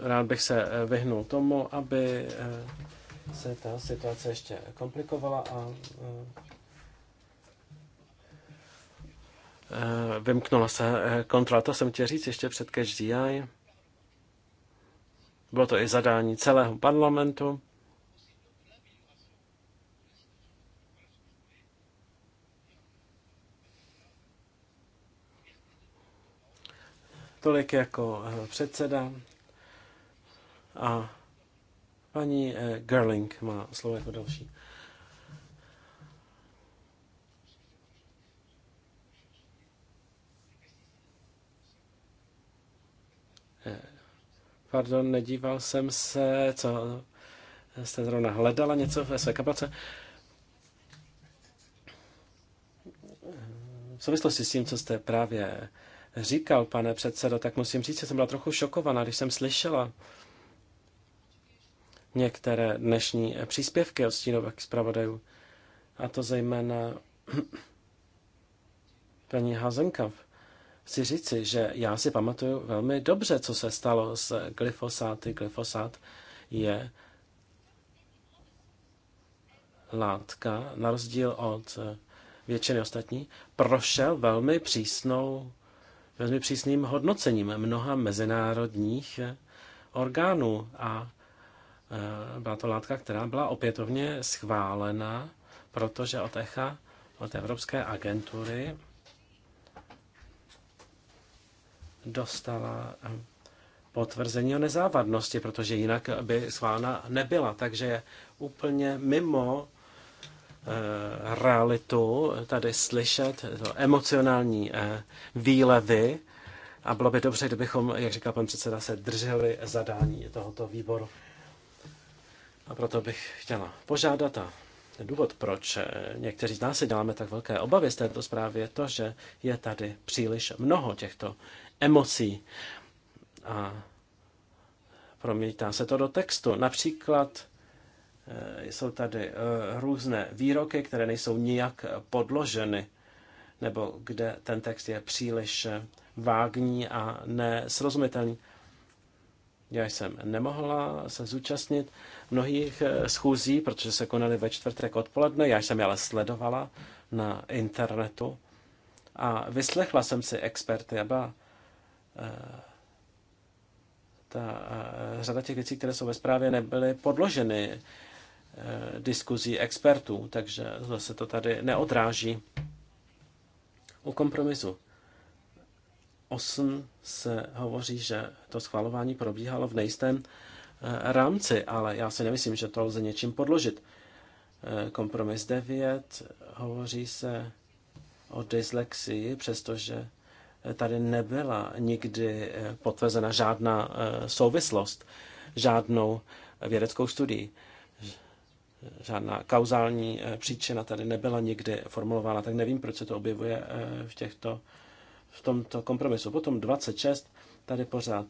Rád bych se eh, vyhnul tomu, aby eh, se ta situace ještě komplikovala a eh, vymknula se kontrola. To jsem chtěl říct ještě před CashDI. Bylo to i zadání celého parlamentu. Tolik jako eh, předseda. A paní eh, Gerling má slovo jako další. Eh, pardon, nedíval jsem se, co jste zrovna hledala něco ve své kapace. V souvislosti s tím, co jste právě říkal, pane předsedo, tak musím říct, že jsem byla trochu šokovaná, když jsem slyšela některé dnešní příspěvky od stínových zpravodajů. A to zejména [clears throat] paní Hazenkov, Chci říci, že já si pamatuju velmi dobře, co se stalo s glyfosáty. Glyfosát je látka, na rozdíl od většiny ostatní, prošel velmi přísnou velmi přísným hodnocením mnoha mezinárodních orgánů a e, byla to látka, která byla opětovně schválena, protože od ECHA, od Evropské agentury, dostala e, potvrzení o nezávadnosti, protože jinak by schválena nebyla. Takže je úplně mimo Eh, realitu tady slyšet, emocionální eh, výlevy a bylo by dobře, kdybychom, jak říkal pan předseda, se drželi zadání tohoto výboru. A proto bych chtěla požádat a ten důvod, proč eh, někteří z nás si děláme tak velké obavy z této zprávy, je to, že je tady příliš mnoho těchto emocí a promítá se to do textu. Například Eh, jsou tady eh, různé výroky, které nejsou nijak podloženy, nebo kde ten text je příliš eh, vágní a nesrozumitelný. Já jsem nemohla se zúčastnit mnohých schůzí, protože se konaly ve čtvrtek odpoledne. Já jsem je ale sledovala na internetu a vyslechla jsem si experty a ta řada těch věcí, které jsou ve zprávě, nebyly podloženy Eh, diskuzí expertů, takže se to tady neodráží. U kompromisu 8 se hovoří, že to schvalování probíhalo v nejistém eh, rámci, ale já si nemyslím, že to lze něčím podložit. Eh, kompromis 9 hovoří se o dyslexii, přestože tady nebyla nikdy potvrzena žádná souvislost, žádnou vědeckou studií žádná kauzální eh, příčina tady nebyla nikdy formulována, tak nevím, proč se to objevuje eh, v, těchto, v tomto kompromisu. Potom 26, tady pořád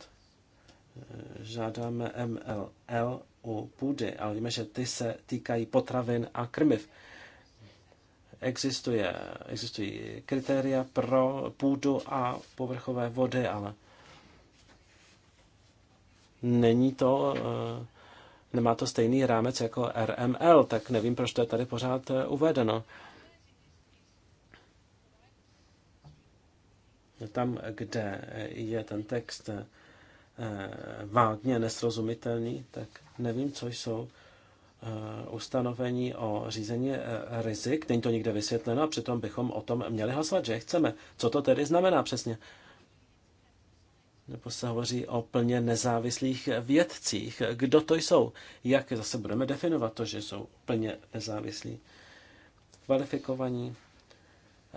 eh, žádáme MLL u půdy, ale víme, že ty se týkají potravin a krmiv. Existuje, existují kritéria pro půdu a povrchové vody, ale není to nemá to stejný rámec jako RML, tak nevím, proč to je tady pořád eh, uvedeno. Tam, kde je ten text eh, vágně nesrozumitelný, tak nevím, co jsou eh, ustanovení o řízení rizik. Není to nikde vysvětleno a přitom bychom o tom měli hlasovat, že chceme. Co to tedy znamená přesně? nebo se hovoří o plně nezávislých vědcích. Kdo to jsou? Jak zase budeme definovat to, že jsou plně nezávislí? Kvalifikovaní eh,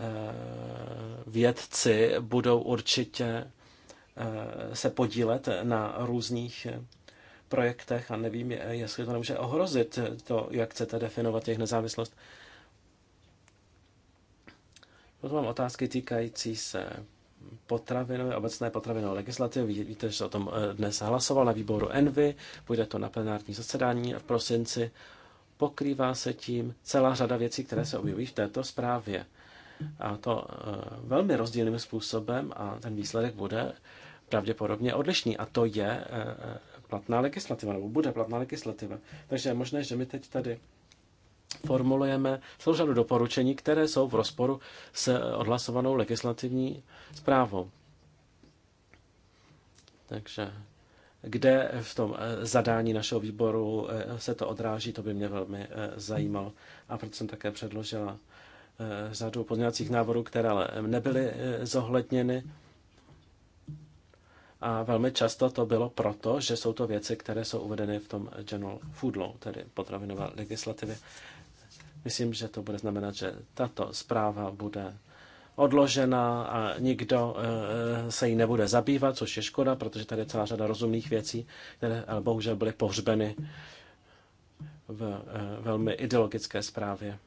vědci budou určitě eh, se podílet na různých projektech a nevím, jestli to nemůže ohrozit to, jak chcete definovat jejich nezávislost. Potom mám otázky týkající se potravinové, obecné potravinové legislativy. Víte, že se o tom eh, dnes hlasoval na výboru Envy, bude to na plenární zasedání v prosinci. Pokrývá se tím celá řada věcí, které se objeví v této zprávě. A to eh, velmi rozdílným způsobem a ten výsledek bude pravděpodobně odlišný. A to je eh, platná legislativa, nebo bude platná legislativa. Takže je možné, že my teď tady formulujeme celou řadu doporučení, které jsou v rozporu s eh, odhlasovanou legislativní zprávou. Takže kde v tom eh, zadání našeho výboru eh, se to odráží, to by mě velmi zajímalo. A proto jsem také předložila řadu pozměňovacích návodů, které ale nebyly zohledněny. A velmi často to bylo proto, že jsou to věci, které jsou uvedeny v tom General Food Law, tedy potravinové legislativě. Myslím, že to bude znamenat, že tato zpráva bude odložena a nikdo eh, se jí nebude zabývat, což je škoda, protože tady je celá řada rozumných věcí, které ale bohužel byly pohřbeny v eh, velmi ideologické zprávě.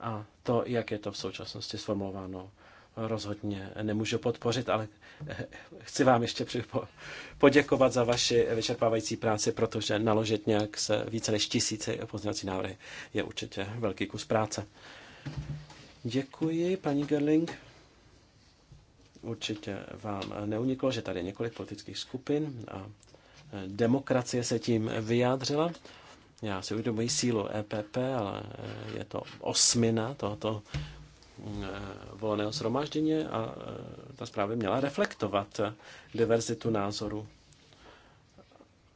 A to, jak je to v současnosti sformulováno rozhodně nemůžu podpořit, ale chci vám ještě poděkovat za vaši vyčerpávající práci, protože naložit nějak se více než tisíci pozměňovací návrhy je určitě velký kus práce. Děkuji, paní Gerling. Určitě vám neuniklo, že tady je několik politických skupin a demokracie se tím vyjádřila. Já si uvědomuji sílu EPP, ale je to osmina tohoto Eh, volného shromáždění a eh, ta zpráva měla reflektovat diverzitu názorů.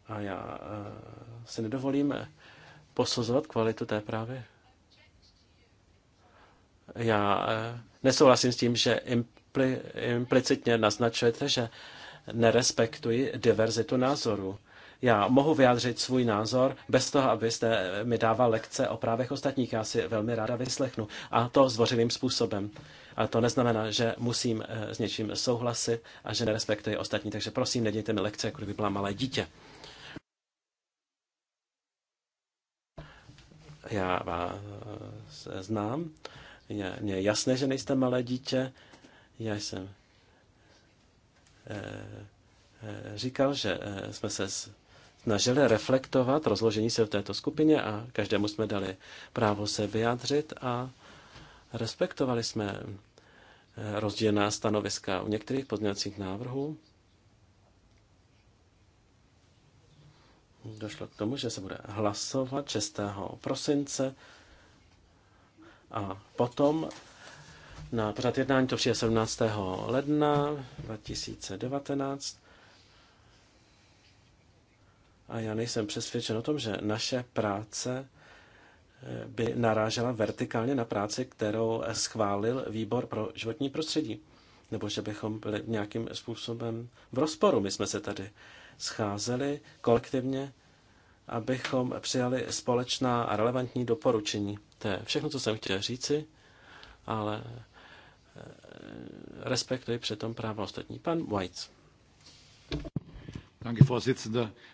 A já eh, si nedovolím posuzovat kvalitu té právy. Já nesouhlasím s tím, že impli, implicitně naznačujete, že nerespektuji diverzitu názorů já mohu vyjádřit svůj názor bez toho, abyste mi dával lekce o právech ostatních. Já si velmi ráda vyslechnu a to zvořilým způsobem. A to neznamená, že musím eh, s něčím souhlasit a že nerespektuji ostatní. Takže prosím, nedějte mi lekce, jako kdyby byla malé dítě. Já vás znám. Je, mě je jasné, že nejste malé dítě. Já jsem eh, eh, říkal, že jsme se s snažili reflektovat rozložení se v této skupině a každému jsme dali právo se vyjádřit a respektovali jsme eh, rozdílná stanoviska u některých pozměňovacích návrhů. Došlo k tomu, že se bude hlasovat 6. prosince a potom na pořad jednání to přijde 17. ledna 2019 a já nejsem přesvědčen o tom, že naše práce eh, by narážela vertikálně na práci, kterou schválil výbor pro životní prostředí. Nebo že bychom byli nějakým způsobem v rozporu. My jsme se tady scházeli kolektivně, abychom přijali společná a relevantní doporučení. To je všechno, co jsem chtěl říci, ale eh, respektuji přitom právo ostatní. Pan White.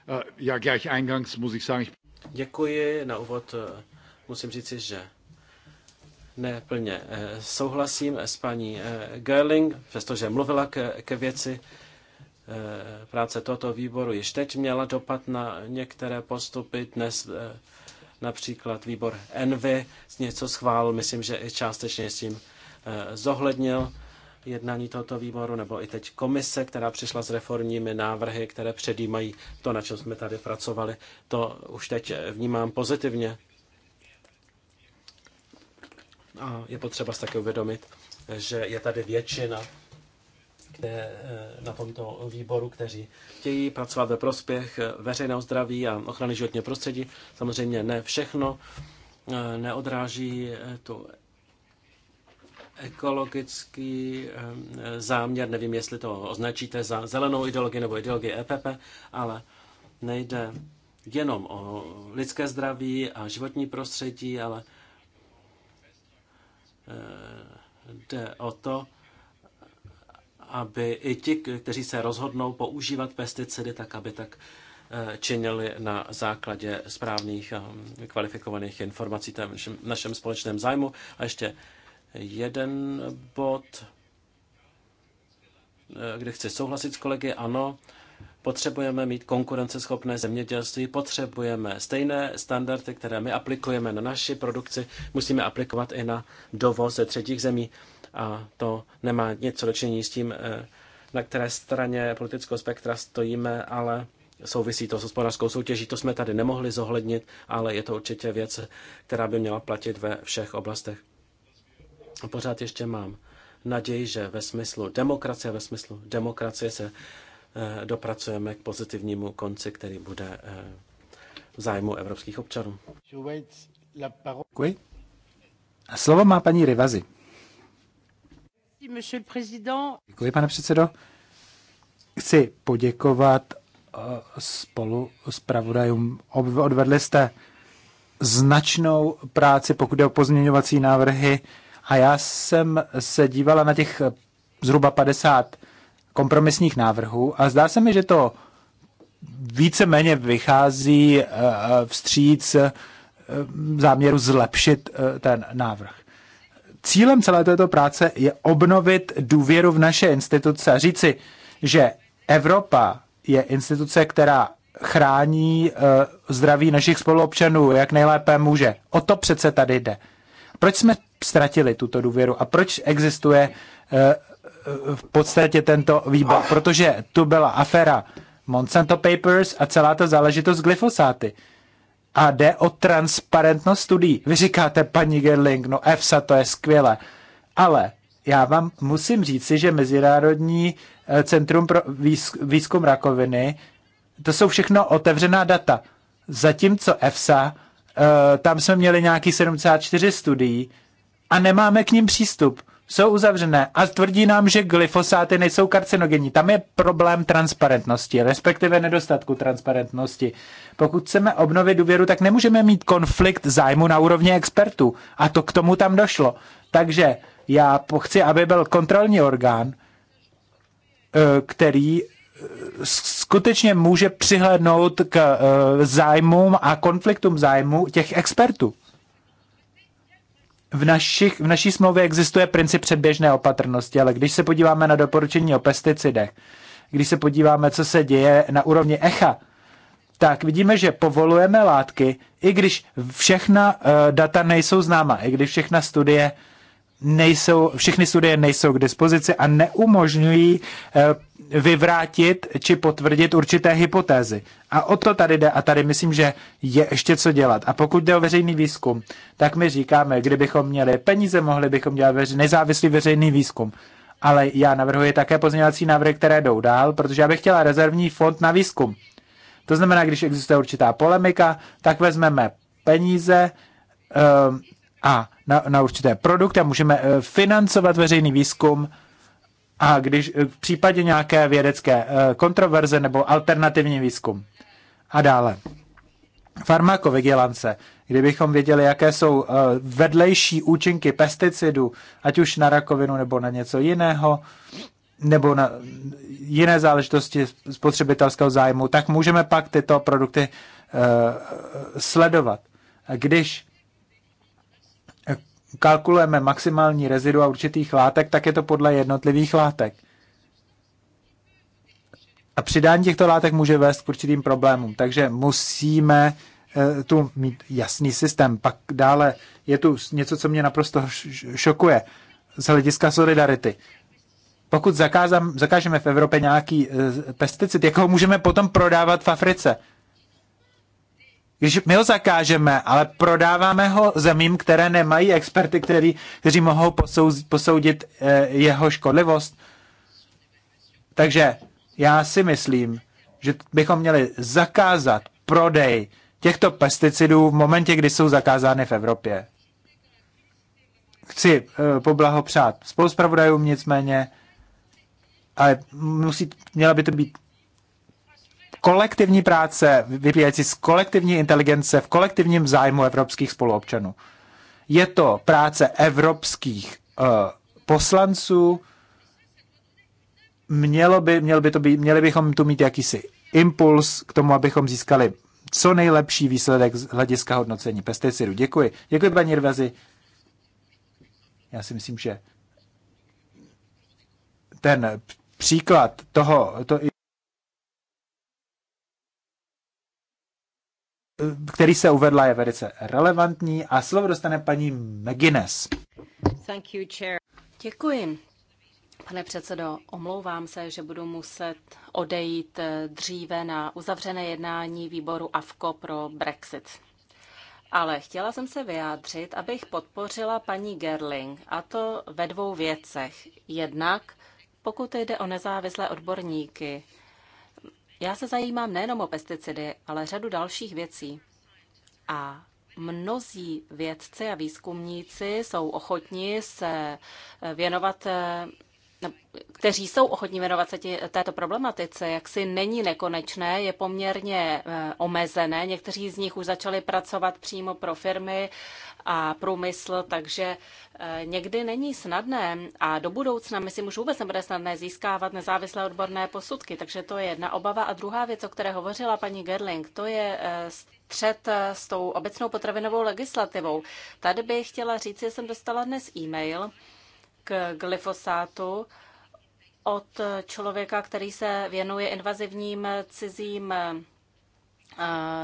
Äh, Děkuji. Na úvod äh, musím říci, že neplně äh, souhlasím s paní Gerling, přestože mluvila ke, ke věci. Práce tohoto výboru již teď měla dopad na některé postupy. Dnes například výbor Envy něco schválil, myslím, že i částečně s tím zohlednil jednání tohoto výboru, nebo i teď komise, která přišla s reformními návrhy, které předjímají to, na čem jsme tady pracovali. To už teď vnímám pozitivně. A je potřeba se také uvědomit, že je tady většina kde, eh, na tomto výboru, kteří chtějí pracovat ve prospěch eh, veřejného zdraví a ochrany životního prostředí. Samozřejmě ne všechno eh, neodráží tu ekologický eh, záměr, nevím, jestli to označíte za zelenou ideologii nebo ideologii EPP, ale nejde jenom o lidské zdraví a životní prostředí, ale eh, jde o to, aby i ti, kteří se rozhodnou používat pesticidy, tak aby tak eh, činili na základě správných a kvalifikovaných informací v našem společném zájmu. A ještě jeden bod, eh, kde chci souhlasit s kolegy, ano, potřebujeme mít konkurenceschopné zemědělství, potřebujeme stejné standardy, které my aplikujeme na naši produkci, musíme aplikovat i na dovoz ze třetích zemí a to nemá něco dočinění s tím, eh, na které straně politického spektra stojíme, ale souvisí to s hospodářskou soutěží, to jsme tady nemohli zohlednit, ale je to určitě věc, která by měla platit ve všech oblastech pořád ještě mám naději, že ve smyslu demokracie, ve smyslu demokracie se eh, dopracujeme k pozitivnímu konci, který bude eh, v zájmu evropských občanů. Děkuji. A slovo má paní Rivazi. Děkuji, pane předsedo. Chci poděkovat eh, spolu s pravodajům. Odvedli jste značnou práci, pokud jde o pozměňovací návrhy a já jsem se dívala na těch zhruba 50 kompromisních návrhů a zdá se mi, že to víceméně vychází eh, eh, vstříc eh, záměru zlepšit ten návrh. Cílem celé této práce je obnovit důvěru v naše instituce a říci, že Evropa je instituce, která chrání zdraví našich spoluobčanů, jak nejlépe může. O to přece tady jde. Proč jsme ztratili tuto důvěru. A proč existuje eh, eh, v podstatě tento výbor? Protože tu byla aféra Monsanto Papers a celá ta záležitost glyfosáty. A jde o transparentnost studií. Vy říkáte, paní Gerling, no EFSA, to je skvělé. Ale já vám musím říci, že Mezinárodní eh, centrum pro výzkum rakoviny, to jsou všechno otevřená data. Zatímco EFSA, tam jsme měli nějaký 74 studií, a nemáme k ním přístup. Jsou uzavřené a tvrdí nám, že glyfosáty nejsou karcinogenní. Tam je problém transparentnosti, respektive nedostatku transparentnosti. Pokud chceme obnovit důvěru, tak nemůžeme mít konflikt zájmu na úrovni expertů. A to k tomu tam došlo. Takže já chci, aby byl kontrolní orgán, eh, který eh, skutečně může přihlednout k eh, zájmům a konfliktům zájmu těch expertů v, našich, v naší smlouvě existuje princip předběžné opatrnosti, ale když se podíváme na doporučení o pesticidech, když se podíváme, co se děje na úrovni ECHA, tak vidíme, že povolujeme látky, i když všechna uh, data nejsou známa, i když všechna studie nejsou, všechny studie nejsou k dispozici a neumožňují uh, vyvrátit či potvrdit určité hypotézy. A o to tady jde a tady myslím, že je ještě co dělat. A pokud jde o veřejný výzkum, tak my říkáme, kdybychom měli peníze, mohli bychom dělat nezávislý veřejný výzkum. Ale já navrhuji také pozměňovací návrhy, které jdou dál, protože já bych chtěla rezervní fond na výzkum. To znamená, když existuje určitá polemika, tak vezmeme peníze um, a na, na určité produkty a můžeme eh, financovat veřejný výzkum a když eh, v případě nějaké vědecké eh, kontroverze nebo alternativní výzkum. A dále. Farmakovigilance. Kdybychom věděli, jaké jsou eh, vedlejší účinky pesticidů, ať už na rakovinu nebo na něco jiného, nebo na jiné záležitosti spotřebitelského zájmu, tak můžeme pak tyto produkty sledovat. Když kalkulujeme maximální rezidua určitých látek, tak je to podle jednotlivých látek. A přidání těchto látek může vést k určitým problémům, takže musíme eh, tu mít jasný systém. Pak dále je tu něco, co mě naprosto šokuje z hlediska solidarity. Pokud zakážeme v Evropě nějaký eh, pesticid, jak ho můžeme potom prodávat v Africe? Když my ho zakážeme, ale prodáváme ho zemím, které nemají experty, který, kteří mohou posoudit, posoudit eh, jeho škodlivost. Takže já si myslím, že bychom měli zakázat prodej těchto pesticidů v momentě, kdy jsou zakázány v Evropě. Chci eh, poblahopřát spoluspravodajům nicméně, ale musí, měla by to být kolektivní práce vyplývající z kolektivní inteligence v kolektivním zájmu evropských spoluobčanů. Je to práce evropských uh, poslanců. Mělo by, měl by to být, měli bychom tu mít jakýsi impuls k tomu, abychom získali co nejlepší výsledek z hlediska hodnocení pesticidů. Děkuji. Děkuji, paní Rvezi. Já si myslím, že ten příklad toho, to, který se uvedla, je velice relevantní a slovo dostane paní McGuinness. Thank you, chair. Děkuji. Pane předsedo, omlouvám se, že budu muset odejít eh, dříve na uzavřené jednání výboru AFCO pro Brexit. Ale chtěla jsem se vyjádřit, abych podpořila paní Gerling, a to ve dvou věcech. Jednak, pokud jde o nezávislé odborníky, já se zajímám nejenom o pesticidy, ale řadu dalších věcí. A mnozí vědci a výzkumníci jsou ochotni se věnovat eh, kteří jsou ochotní věnovat se tě, této problematice, jak si není nekonečné, je poměrně eh, omezené. Někteří z nich už začali pracovat přímo pro firmy a průmysl, takže eh, někdy není snadné a do budoucna, myslím, už vůbec nebude snadné získávat nezávislé odborné posudky, takže to je jedna obava. A druhá věc, o které hovořila paní Gerling, to je eh, střed s tou obecnou potravinovou legislativou. Tady bych chtěla říct, že jsem dostala dnes e-mail, k glyfosátu od člověka, který se věnuje invazivním cizím eh,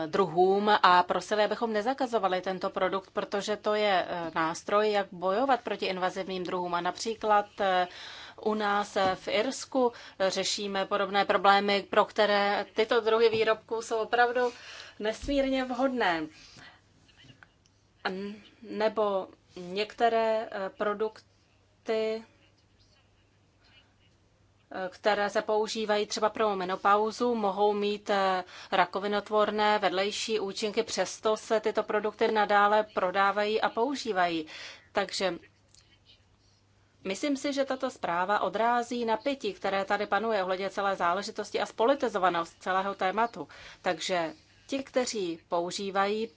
druhům a prosili, abychom nezakazovali tento produkt, protože to je eh, nástroj, jak bojovat proti invazivním druhům. A například eh, u nás v Irsku řešíme podobné problémy, pro které tyto druhy výrobků jsou opravdu nesmírně vhodné. Nebo některé produkty, produkty, které se používají třeba pro menopauzu, mohou mít eh, rakovinotvorné vedlejší účinky, přesto se tyto produkty nadále prodávají a používají. Takže myslím si, že tato zpráva odrází napětí, které tady panuje ohledně celé záležitosti a spolitizovanost celého tématu. Takže ti, kteří používají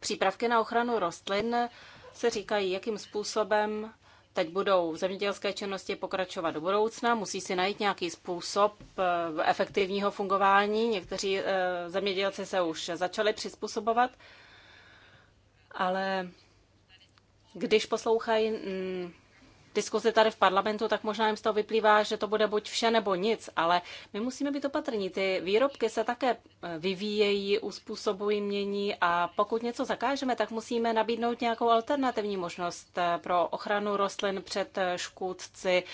přípravky na ochranu rostlin, se říkají, jakým způsobem teď budou v zemědělské činnosti pokračovat do budoucna, musí si najít nějaký způsob eh, efektivního fungování. Někteří eh, zemědělci se už začali přizpůsobovat, ale když poslouchají mm, diskuzi tady v parlamentu, tak možná jim z toho vyplývá, že to bude buď vše nebo nic, ale my musíme být opatrní. Ty výrobky se také eh, vyvíjejí, uspůsobují, mění a pokud něco zakážeme, tak musíme nabídnout nějakou alternativní možnost eh, pro ochranu rostlin před eh, škůdci,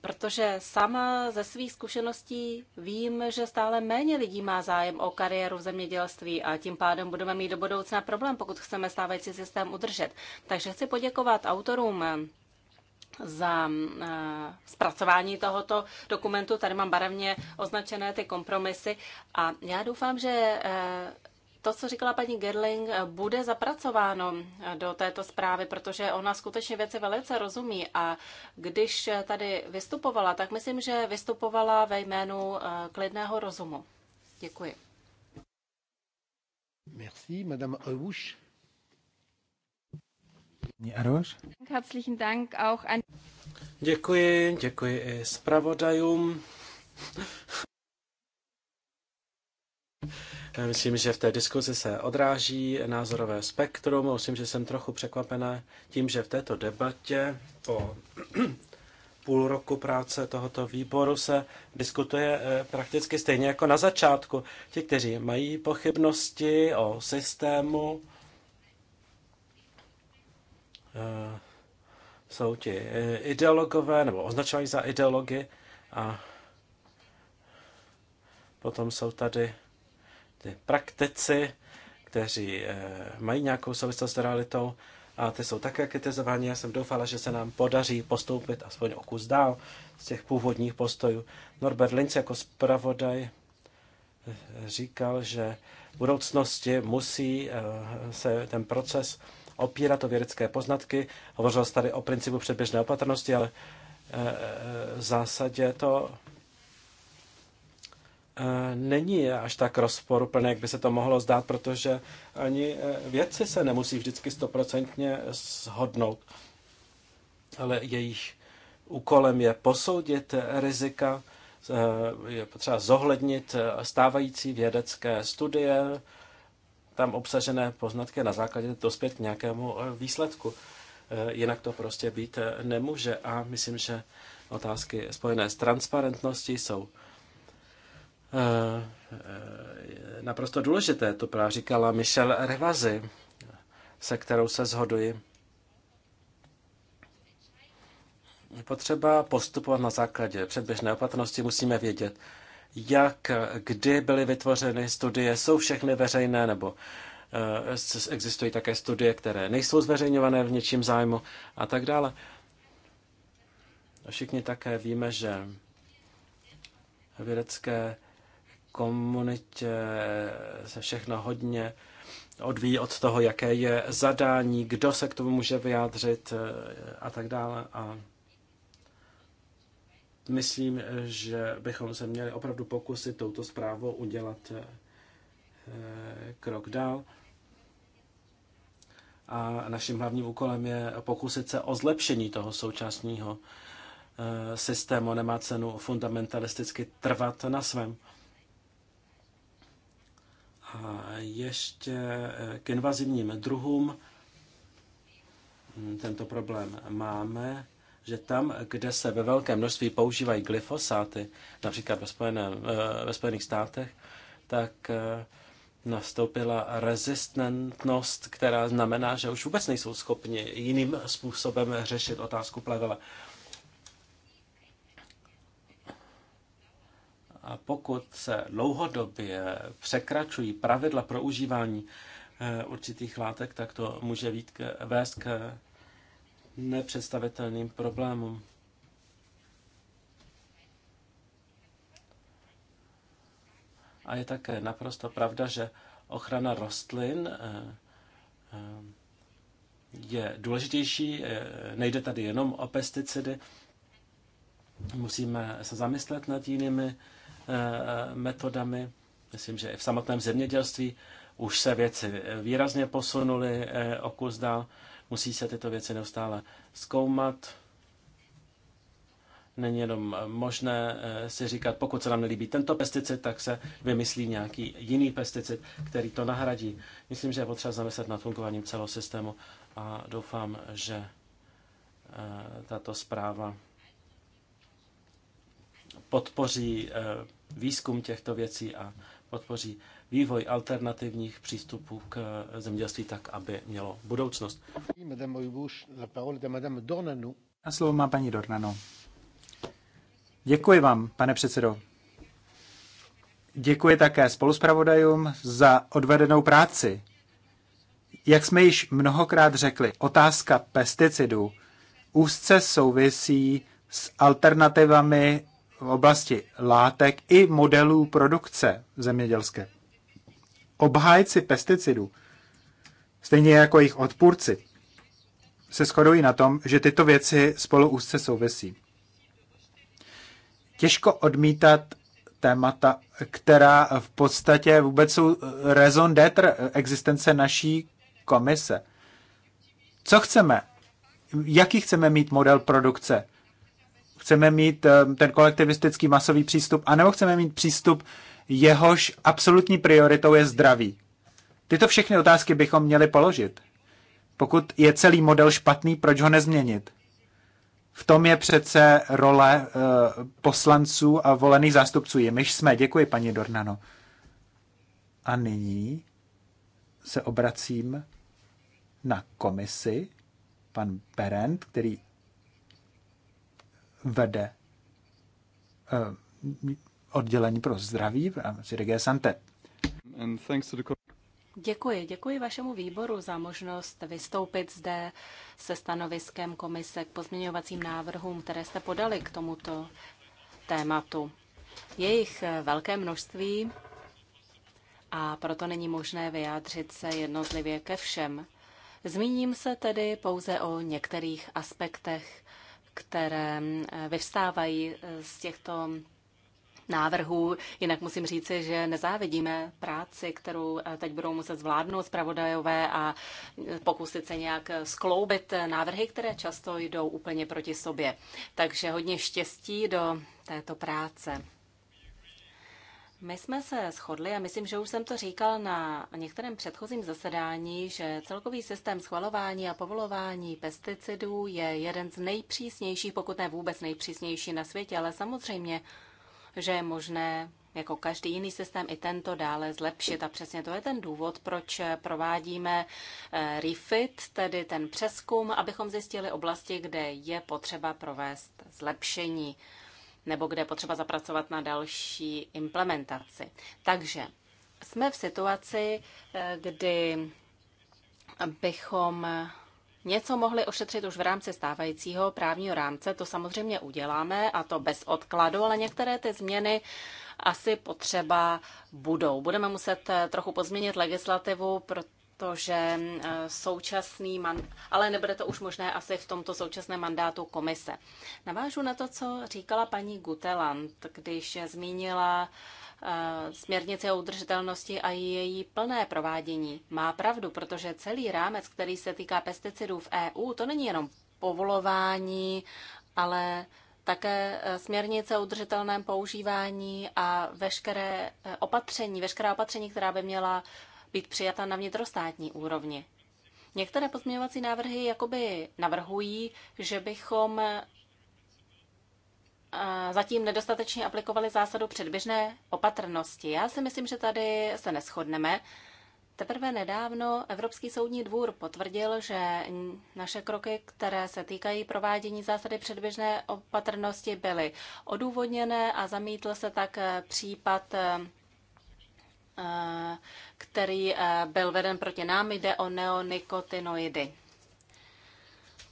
protože sama ze svých zkušeností vím, že stále méně lidí má zájem o kariéru v zemědělství a tím pádem budeme mít do budoucna problém, pokud chceme stávající systém udržet. Takže chci poděkovat autorům za eh, zpracování tohoto dokumentu. Tady mám barevně označené ty kompromisy a já doufám, že eh, to, co říkala paní Gerling, bude zapracováno eh, do této zprávy, protože ona skutečně věci velice rozumí a když tady vystupovala, tak myslím, že vystupovala ve jménu klidného rozumu. Děkuji. Merci, Madame Rouge. Děkuji, děkuji i zpravodajům. Myslím, že v té diskuzi se odráží názorové spektrum. Myslím, že jsem trochu překvapena tím, že v této debatě po [clears throat] půl roku práce tohoto výboru se diskutuje eh, prakticky stejně jako na začátku. Ti, kteří mají pochybnosti o systému, Eh, jsou ti eh, ideologové, nebo označovají za ideology a potom jsou tady ty praktici, kteří eh, mají nějakou souvislost s realitou a ty jsou také kritizováni. Já jsem doufala, že se nám podaří postoupit aspoň o kus dál z těch původních postojů. Norbert Linz jako zpravodaj říkal, že v budoucnosti musí se ten proces opírat o vědecké poznatky. Hovořil jsem tady o principu předběžné opatrnosti, ale eh, eh, v zásadě to eh, není až tak rozporuplné, jak by se to mohlo zdát, protože ani vědci se nemusí vždycky stoprocentně shodnout, ale jejich úkolem je posoudit rizika, je potřeba zohlednit stávající vědecké studie, tam obsažené poznatky na základě dospět k nějakému eh, výsledku. Eh, jinak to prostě být eh, nemůže a myslím, že otázky spojené s transparentností jsou naprosto důležité. To právě říkala Michelle Revazy, se kterou se zhoduji. Potřeba postupovat na základě předběžné opatrnosti. Musíme vědět, jak, kdy byly vytvořeny studie, jsou všechny veřejné nebo eh, existují také studie, které nejsou zveřejňované v něčím zájmu a tak dále. Všichni také víme, že vědecké komunitě se všechno hodně odvíjí od toho, jaké je zadání, kdo se k tomu může vyjádřit eh, a tak dále. A myslím, že bychom se měli opravdu pokusit touto zprávou udělat eh, krok dál. A naším hlavním úkolem je pokusit se o zlepšení toho současného eh, systému. Nemá cenu fundamentalisticky trvat na svém. A ještě eh, k invazivním druhům. Hm, tento problém máme že tam, kde se ve velkém množství používají glyfosáty, například ve, Spojené, eh, ve Spojených státech, tak eh, nastoupila rezistentnost, která znamená, že už vůbec nejsou schopni jiným způsobem řešit otázku plevele. A pokud se dlouhodobě překračují pravidla pro užívání eh, určitých látek, tak to může vést k nepředstavitelným problémům. A je také naprosto pravda, že ochrana rostlin eh, eh, je důležitější. Eh, nejde tady jenom o pesticidy. Musíme se zamyslet nad jinými metodami. Myslím, že i v samotném zemědělství už se věci výrazně posunuly o kus dál. Musí se tyto věci neustále zkoumat. Není jenom možné eh, si říkat, pokud se nám nelíbí tento pesticid, tak se vymyslí nějaký jiný pesticid, který to nahradí. Myslím, že je potřeba zamyslet nad fungováním celého systému a doufám, že eh, tato zpráva podpoří eh, výzkum těchto věcí a podpoří vývoj alternativních přístupů k zemědělství tak, aby mělo budoucnost. A slovo má paní Dornano. Děkuji vám, pane předsedo. Děkuji také spoluspravodajům za odvedenou práci. Jak jsme již mnohokrát řekli, otázka pesticidů úzce souvisí s alternativami v oblasti látek i modelů produkce zemědělské. Obhájci pesticidů, stejně jako jejich odpůrci, se shodují na tom, že tyto věci spolu úzce souvisí. Těžko odmítat témata, která v podstatě vůbec jsou raison d'être existence naší komise. Co chceme? Jaký chceme mít model produkce? Chceme mít eh, ten kolektivistický masový přístup, anebo chceme mít přístup jehož absolutní prioritou je zdraví. Tyto všechny otázky bychom měli položit. Pokud je celý model špatný, proč ho nezměnit? V tom je přece role uh, poslanců a volených zástupců. Jimiž jsme. Děkuji, paní Dornano. A nyní se obracím na komisi. Pan Berend, který vede uh, oddělení pro zdraví v rámci Regie Santé. Děkuji, děkuji vašemu výboru za možnost vystoupit zde se stanoviskem komise k pozměňovacím návrhům, které jste podali k tomuto tématu. Je jich eh, velké množství a proto není možné vyjádřit se jednotlivě ke všem. Zmíním se tedy pouze o některých aspektech, které eh, vyvstávají eh, z těchto návrhů. Jinak musím říci, že nezávidíme práci, kterou eh, teď budou muset zvládnout zpravodajové a eh, pokusit se nějak eh, skloubit návrhy, které často jdou úplně proti sobě. Takže hodně štěstí do této práce. My jsme se shodli a myslím, že už jsem to říkal na některém předchozím zasedání, že celkový systém schvalování a povolování pesticidů je jeden z nejpřísnějších, pokud ne vůbec nejpřísnější na světě, ale samozřejmě že je možné jako každý jiný systém i tento dále zlepšit. A přesně to je ten důvod, proč provádíme eh, refit, tedy ten přeskum, abychom zjistili oblasti, kde je potřeba provést zlepšení nebo kde je potřeba zapracovat na další implementaci. Takže jsme v situaci, eh, kdy bychom něco mohli ošetřit už v rámci stávajícího právního rámce. To samozřejmě uděláme a to bez odkladu, ale některé ty změny asi potřeba budou. Budeme muset eh, trochu pozměnit legislativu, protože eh, současný man, ale nebude to už možné asi v tomto současném mandátu komise. Navážu na to, co říkala paní Guteland, když zmínila Směrnice o udržitelnosti a její plné provádění. Má pravdu, protože celý rámec, který se týká pesticidů v EU, to není jenom povolování, ale také e, směrnice o udržitelném používání a veškeré e, opatření, veškerá opatření, která by měla být přijata na vnitrostátní úrovni. Některé pozměňovací návrhy jakoby navrhují, že bychom zatím nedostatečně aplikovali zásadu předběžné opatrnosti. Já si myslím, že tady se neschodneme. Teprve nedávno Evropský soudní dvůr potvrdil, že naše kroky, které se týkají provádění zásady předběžné opatrnosti, byly odůvodněné a zamítl se tak případ eh, který eh, byl veden proti nám, jde o neonikotinoidy.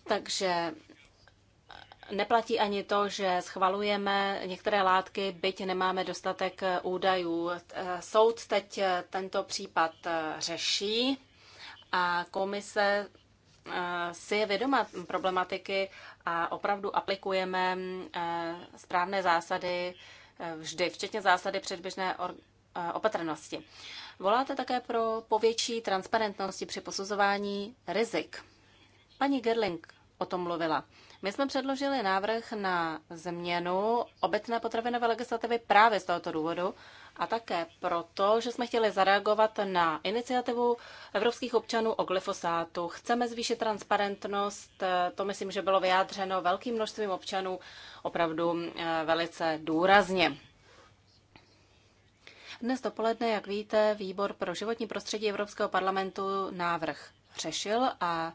Takže Neplatí ani to, že schvalujeme některé látky, byť nemáme dostatek údajů. Soud teď tento případ řeší a komise eh, si je vědoma problematiky a opravdu aplikujeme eh, správné zásady eh, vždy, včetně zásady předběžné opatrnosti. Voláte také pro povětší transparentnosti při posuzování rizik. Paní Gerling o tom mluvila. My jsme předložili návrh na změnu obecné potravinové legislativy právě z tohoto důvodu a také proto, že jsme chtěli zareagovat na iniciativu evropských občanů o glyfosátu. Chceme zvýšit transparentnost, to myslím, že bylo vyjádřeno velkým množstvím občanů opravdu eh, velice důrazně. Dnes dopoledne, jak víte, výbor pro životní prostředí Evropského parlamentu návrh řešil a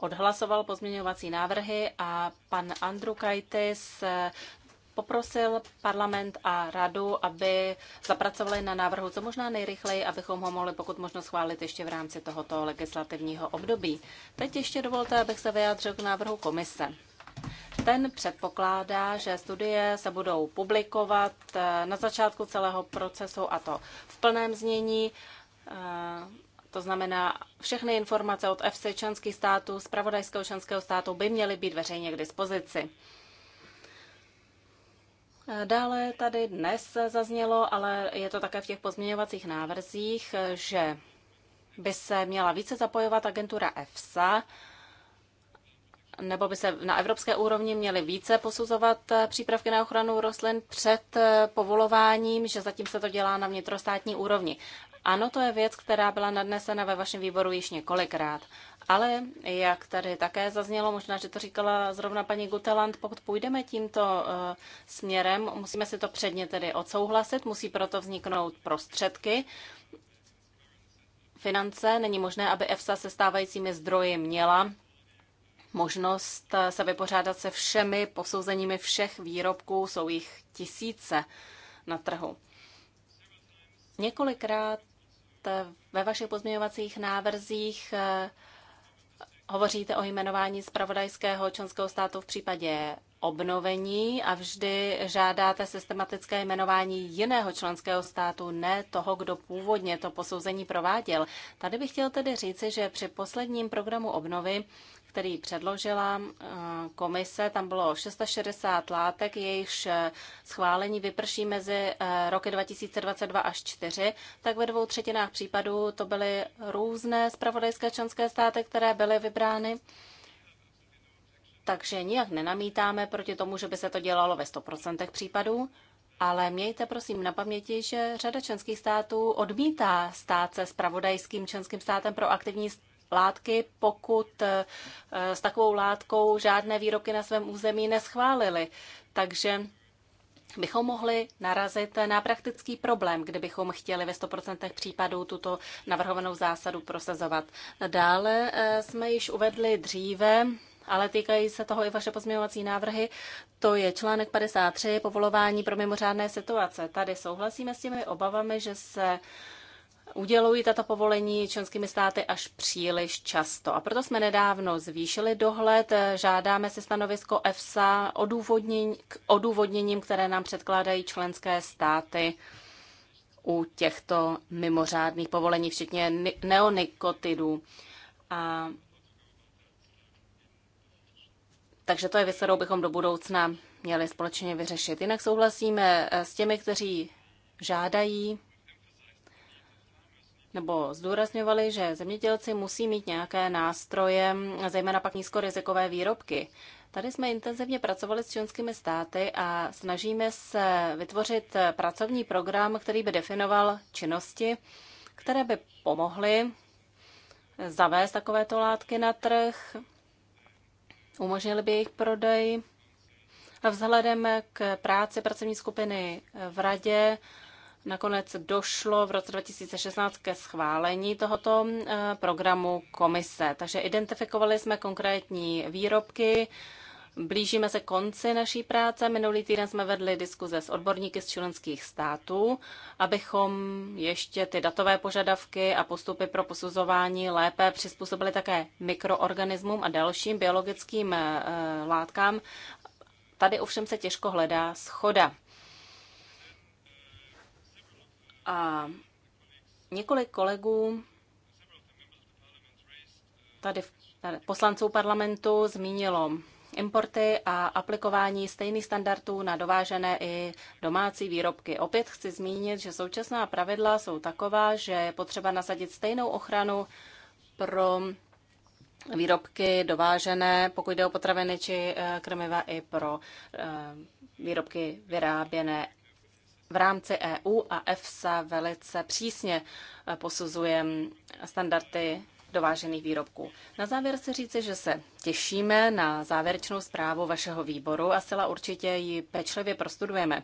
odhlasoval pozměňovací návrhy a pan Andrew Kajtis poprosil parlament a radu, aby zapracovali na návrhu co možná nejrychleji, abychom ho mohli pokud možno schválit ještě v rámci tohoto legislativního období. Teď ještě dovolte, abych se vyjádřil k návrhu komise. Ten předpokládá, že studie se budou publikovat eh, na začátku celého procesu a to v plném znění eh, to znamená, všechny informace od FC členských států, zpravodajského členského státu by měly být veřejně k dispozici. Dále tady dnes zaznělo, ale je to také v těch pozměňovacích návrzích, že by se měla více zapojovat agentura EFSA, nebo by se na evropské úrovni měly více posuzovat přípravky na ochranu rostlin před povolováním, že zatím se to dělá na vnitrostátní úrovni. Ano, to je věc, která byla nadnesena ve vašem výboru již několikrát. Ale jak tady také zaznělo, možná, že to říkala zrovna paní Guteland, pokud půjdeme tímto uh, směrem, musíme si to předně tedy odsouhlasit, musí proto vzniknout prostředky, finance. Není možné, aby EFSA se stávajícími zdroji měla možnost eh, se vypořádat se všemi posouzeními všech výrobků, jsou jich tisíce na trhu. Několikrát E, ve vašich pozměňovacích návrzích e, hovoříte o jmenování zpravodajského členského státu v případě obnovení a vždy žádáte systematické jmenování jiného členského státu, ne toho, kdo původně to posouzení prováděl. Tady bych chtěl tedy říci, že při posledním programu obnovy který předložila eh, komise. Tam bylo 660 látek, jejichž eh, schválení vyprší mezi eh, roky 2022 až 4. Tak ve dvou třetinách případů to byly různé spravodajské členské státy, které byly vybrány. Takže nijak nenamítáme proti tomu, že by se to dělalo ve 100% případů. Ale mějte prosím na paměti, že řada členských států odmítá stát se spravodajským členským státem pro aktivní látky, pokud eh, s takovou látkou žádné výroky na svém území neschválili. Takže bychom mohli narazit na praktický problém, kdybychom chtěli ve 100% případů tuto navrhovanou zásadu prosazovat. Dále eh, jsme již uvedli dříve, ale týkají se toho i vaše pozměňovací návrhy. To je článek 53, povolování pro mimořádné situace. Tady souhlasíme s těmi obavami, že se udělují tato povolení členskými státy až příliš často. A proto jsme nedávno zvýšili dohled, žádáme si stanovisko EFSA k odůvodněním, které nám předkládají členské státy u těchto mimořádných povolení, včetně neonikotidů. A takže to je věc, kterou bychom do budoucna měli společně vyřešit. Jinak souhlasíme s těmi, kteří žádají nebo zdůrazňovali, že zemědělci musí mít nějaké nástroje, zejména pak nízkorizikové výrobky. Tady jsme intenzivně pracovali s členskými státy a snažíme se vytvořit pracovní program, který by definoval činnosti, které by pomohly zavést takovéto látky na trh, umožnili by jejich prodej. A vzhledem k práci pracovní skupiny v radě Nakonec došlo v roce 2016 ke schválení tohoto eh, programu komise. Takže identifikovali jsme konkrétní výrobky, Blížíme se konci naší práce. Minulý týden jsme vedli diskuze s odborníky z členských států, abychom ještě ty datové požadavky a postupy pro posuzování lépe přizpůsobili také mikroorganismům a dalším biologickým eh, látkám. Tady ovšem se těžko hledá schoda. A několik kolegů tady, tady poslanců parlamentu zmínilo importy a aplikování stejných standardů na dovážené i domácí výrobky. Opět chci zmínit, že současná pravidla jsou taková, že je potřeba nasadit stejnou ochranu pro výrobky dovážené, pokud jde o potraviny či eh, krmiva, i pro eh, výrobky vyráběné v rámci EU a EFSA velice přísně eh, posuzuje mm, standardy dovážených výrobků. Na závěr se říci, že se těšíme na závěrečnou zprávu vašeho výboru a sila určitě ji pečlivě prostudujeme.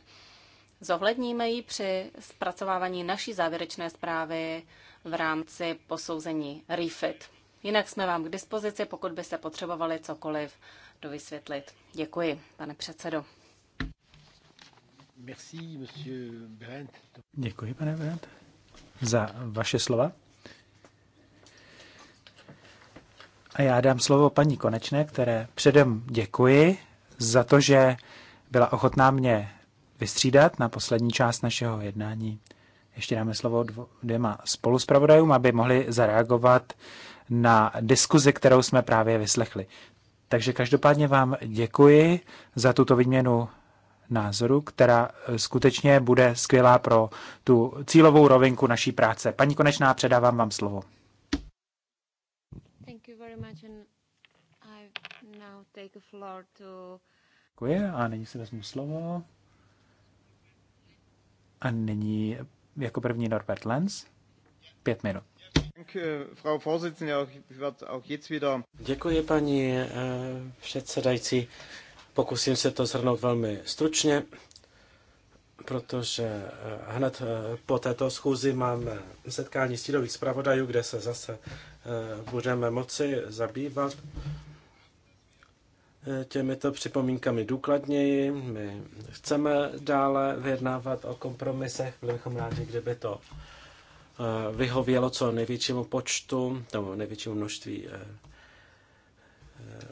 Zohledníme ji při zpracovávání naší závěrečné zprávy v rámci posouzení REFIT. Jinak jsme vám k dispozici, pokud byste potřebovali cokoliv dovysvětlit. Děkuji, pane předsedo. Děkuji, pane Brent, za vaše slova. A já dám slovo paní Konečné, které předem děkuji za to, že byla ochotná mě vystřídat na poslední část našeho jednání. Ještě dáme slovo dvěma spoluspravodajům, aby mohli zareagovat na diskuzi, kterou jsme právě vyslechli. Takže každopádně vám děkuji za tuto výměnu názoru, která eh, skutečně bude skvělá pro tu cílovou rovinku naší práce. Paní Konečná, předávám vám slovo. Děkuji a nyní si vezmu slovo. A nyní jako první Norbert Lenz. Pět minut. Děkuji, paní eh, předsedající. Pokusím se to zhrnout velmi stručně, protože eh, hned eh, po této schůzi máme setkání stílových zpravodajů, kde se zase eh, budeme moci zabývat těmito připomínkami důkladněji. My chceme dále vyjednávat o kompromisech, byli bychom rádi, kdyby to vyhovělo co největšímu počtu nebo největšímu množství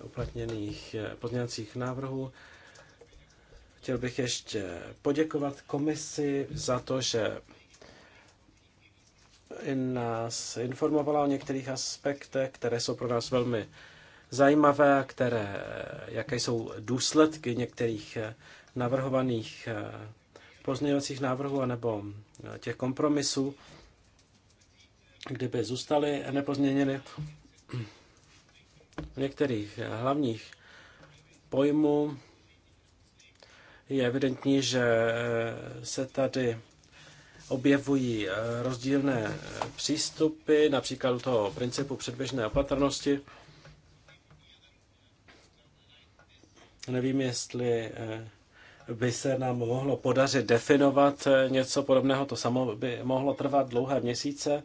uplatněných eh, pozměňovacích návrhů. Chtěl bych ještě poděkovat komisi za to, že nás informovala o některých aspektech, které jsou pro nás velmi zajímavé a které, jaké jsou důsledky některých eh, navrhovaných eh, pozměňovacích návrhů anebo těch kompromisů, kdyby zůstaly nepozměněny některých eh, hlavních pojmů je evidentní, že eh, se tady objevují eh, rozdílné přístupy, například u toho principu předběžné opatrnosti. Nevím, jestli by se nám mohlo podařit definovat něco podobného. To samo by mohlo trvat dlouhé měsíce,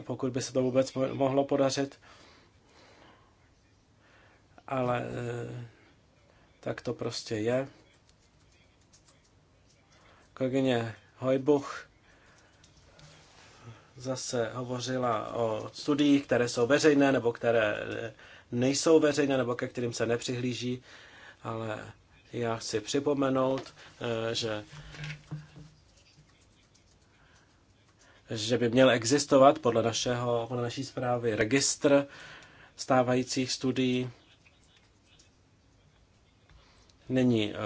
pokud by se to vůbec mohlo podařit ale e, tak to prostě je. Kolegyně Hojbuch zase hovořila o studiích, které jsou veřejné nebo které nejsou veřejné nebo ke kterým se nepřihlíží, ale já chci připomenout, e, že že by měl existovat podle, našeho, podle naší zprávy registr stávajících studií, Není eh,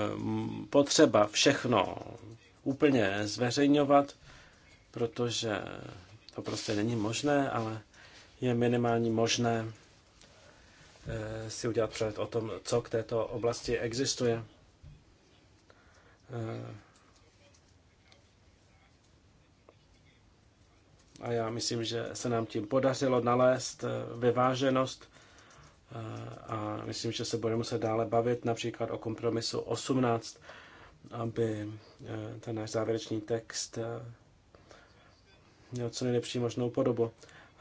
potřeba všechno úplně zveřejňovat, protože to prostě není možné, ale je minimálně možné eh, si udělat přehled o tom, co k této oblasti existuje. Eh, a já myslím, že se nám tím podařilo nalézt vyváženost a myslím, že se bude muset dále bavit například o kompromisu 18, aby eh, ten náš závěrečný text eh, měl co nejlepší možnou podobu.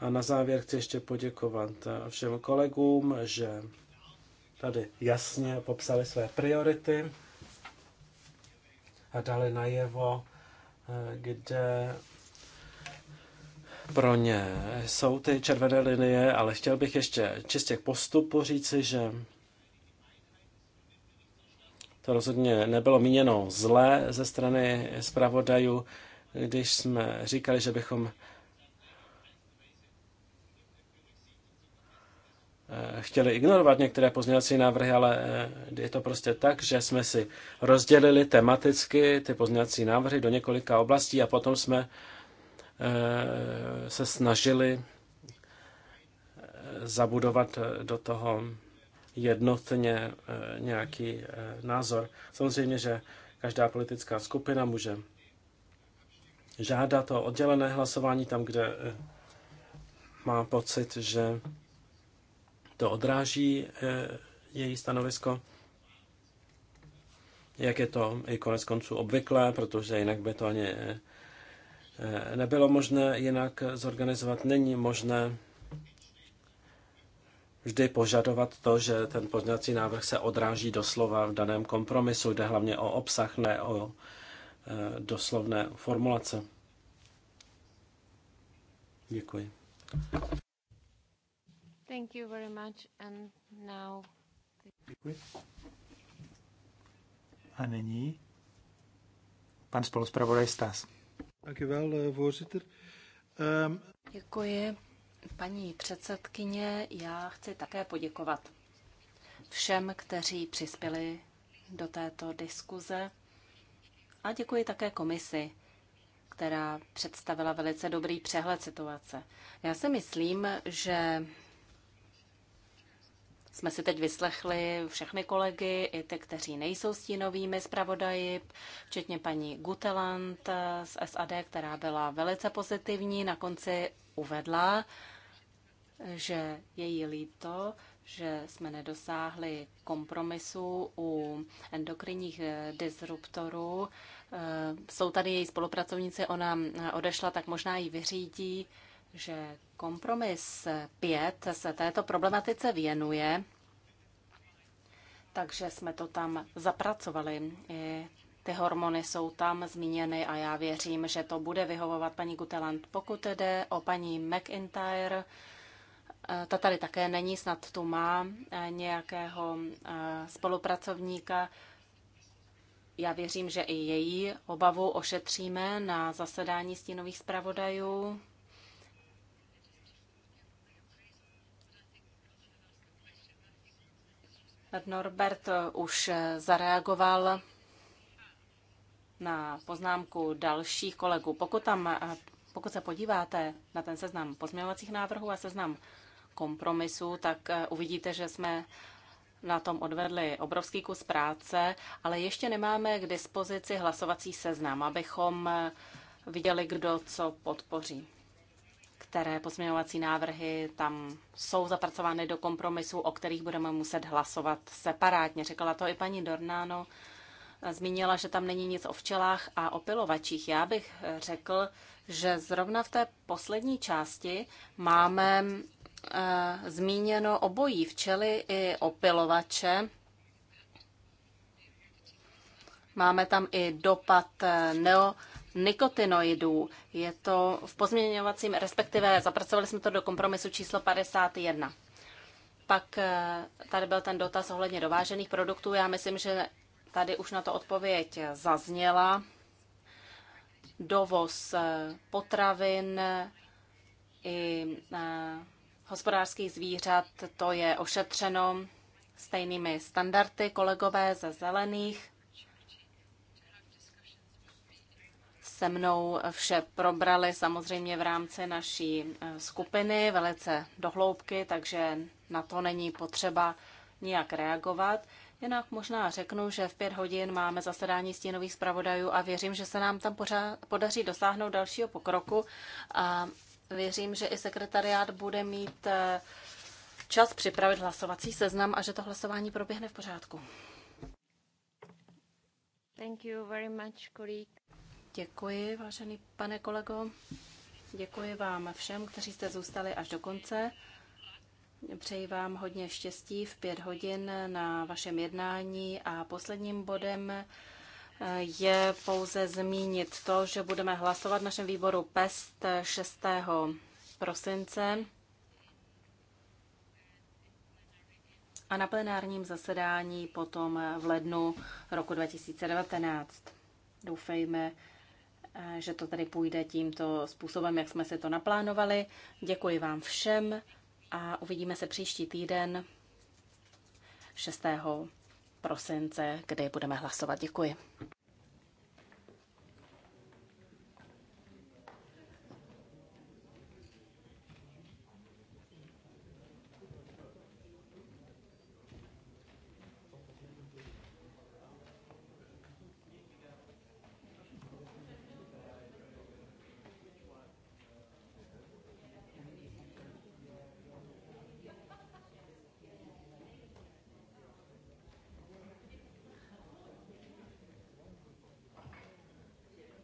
A na závěr chci ještě poděkovat eh, všem kolegům, že tady jasně popsali své priority a dali najevo, kde pro ně jsou ty červené linie, ale chtěl bych ještě čistě k postupu říci, že to rozhodně nebylo míněno zlé ze strany zpravodajů, když jsme říkali, že bychom eh, chtěli ignorovat některé pozměňovací návrhy, ale eh, je to prostě tak, že jsme si rozdělili tematicky ty pozměňovací návrhy do několika oblastí a potom jsme Eh, se snažili eh, zabudovat do toho jednotně eh, nějaký názor. Samozřejmě, že každá politická skupina může žádat o oddělené hlasování tam, kde má pocit, že to odráží její stanovisko, jak je to i konec konců obvyklé, protože jinak by to ani nebylo možné jinak zorganizovat. Není možné vždy požadovat to, že ten pozměňovací návrh se odráží doslova v daném kompromisu. Jde hlavně o obsah, ne o e, doslovné formulace. Děkuji. Thank you very much and now... Děkuji. A nyní pan spoluzpravodaj Stas. Eh, ehm, děkuji, paní předsedkyně. Já chci také poděkovat všem, kteří přispěli do této diskuze. A děkuji také komisi, která představila velice dobrý přehled situace. Já si myslím, že jsme si teď vyslechli všechny kolegy, i ty, kteří nejsou stínovými zpravodaji, včetně paní Guteland z SAD, která byla velice pozitivní, na konci uvedla, že její líto, že jsme nedosáhli kompromisu u endokrinních disruptorů. Eh, jsou tady její spolupracovníci, ona odešla, tak možná ji vyřídí že kompromis 5 se této problematice věnuje, takže jsme to tam zapracovali. I ty hormony jsou tam zmíněny a já věřím, že to bude vyhovovat paní Guteland. Pokud jde o paní McIntyre, ta tady také není, snad tu má eh, nějakého eh, spolupracovníka. Já věřím, že i její obavu ošetříme na zasedání stínových zpravodajů. Norbert už zareagoval na poznámku dalších kolegů. Pokud, tam, pokud se podíváte na ten seznam pozměňovacích návrhů a seznam kompromisů, tak uvidíte, že jsme na tom odvedli obrovský kus práce, ale ještě nemáme k dispozici hlasovací seznam, abychom viděli, kdo co podpoří které pozměňovací návrhy tam jsou zapracovány do kompromisu, o kterých budeme muset hlasovat separátně. Řekla to i paní Dornáno. Zmínila, že tam není nic o včelách a o pilovačích. Já bych řekl, že zrovna v té poslední části máme eh, zmíněno obojí včely i opilovače. Máme tam i dopad eh, neo nikotinoidů. Je to v pozměňovacím, respektive zapracovali jsme to do kompromisu číslo 51. Pak eh, tady byl ten dotaz ohledně dovážených produktů. Já myslím, že tady už na to odpověď zazněla. Dovoz eh, potravin i eh, hospodářských zvířat, to je ošetřeno stejnými standardy kolegové ze zelených. se mnou vše probrali samozřejmě v rámci naší eh, skupiny velice dohloubky, takže na to není potřeba nijak reagovat. Jinak možná řeknu, že v pět hodin máme zasedání stínových zpravodajů a věřím, že se nám tam pořád podaří dosáhnout dalšího pokroku a věřím, že i sekretariát bude mít eh, čas připravit hlasovací seznam a že to hlasování proběhne v pořádku. Thank you very much, colleague. Děkuji, vážený pane kolego. Děkuji vám všem, kteří jste zůstali až do konce. Přeji vám hodně štěstí v pět hodin na vašem jednání a posledním bodem eh, je pouze zmínit to, že budeme hlasovat v našem výboru PEST 6. prosince a na plenárním zasedání potom v lednu roku 2019. Doufejme, Eh, že to tady půjde tímto způsobem, jak jsme se to naplánovali. Děkuji vám všem a uvidíme se příští týden 6. prosince, kde budeme hlasovat. Děkuji.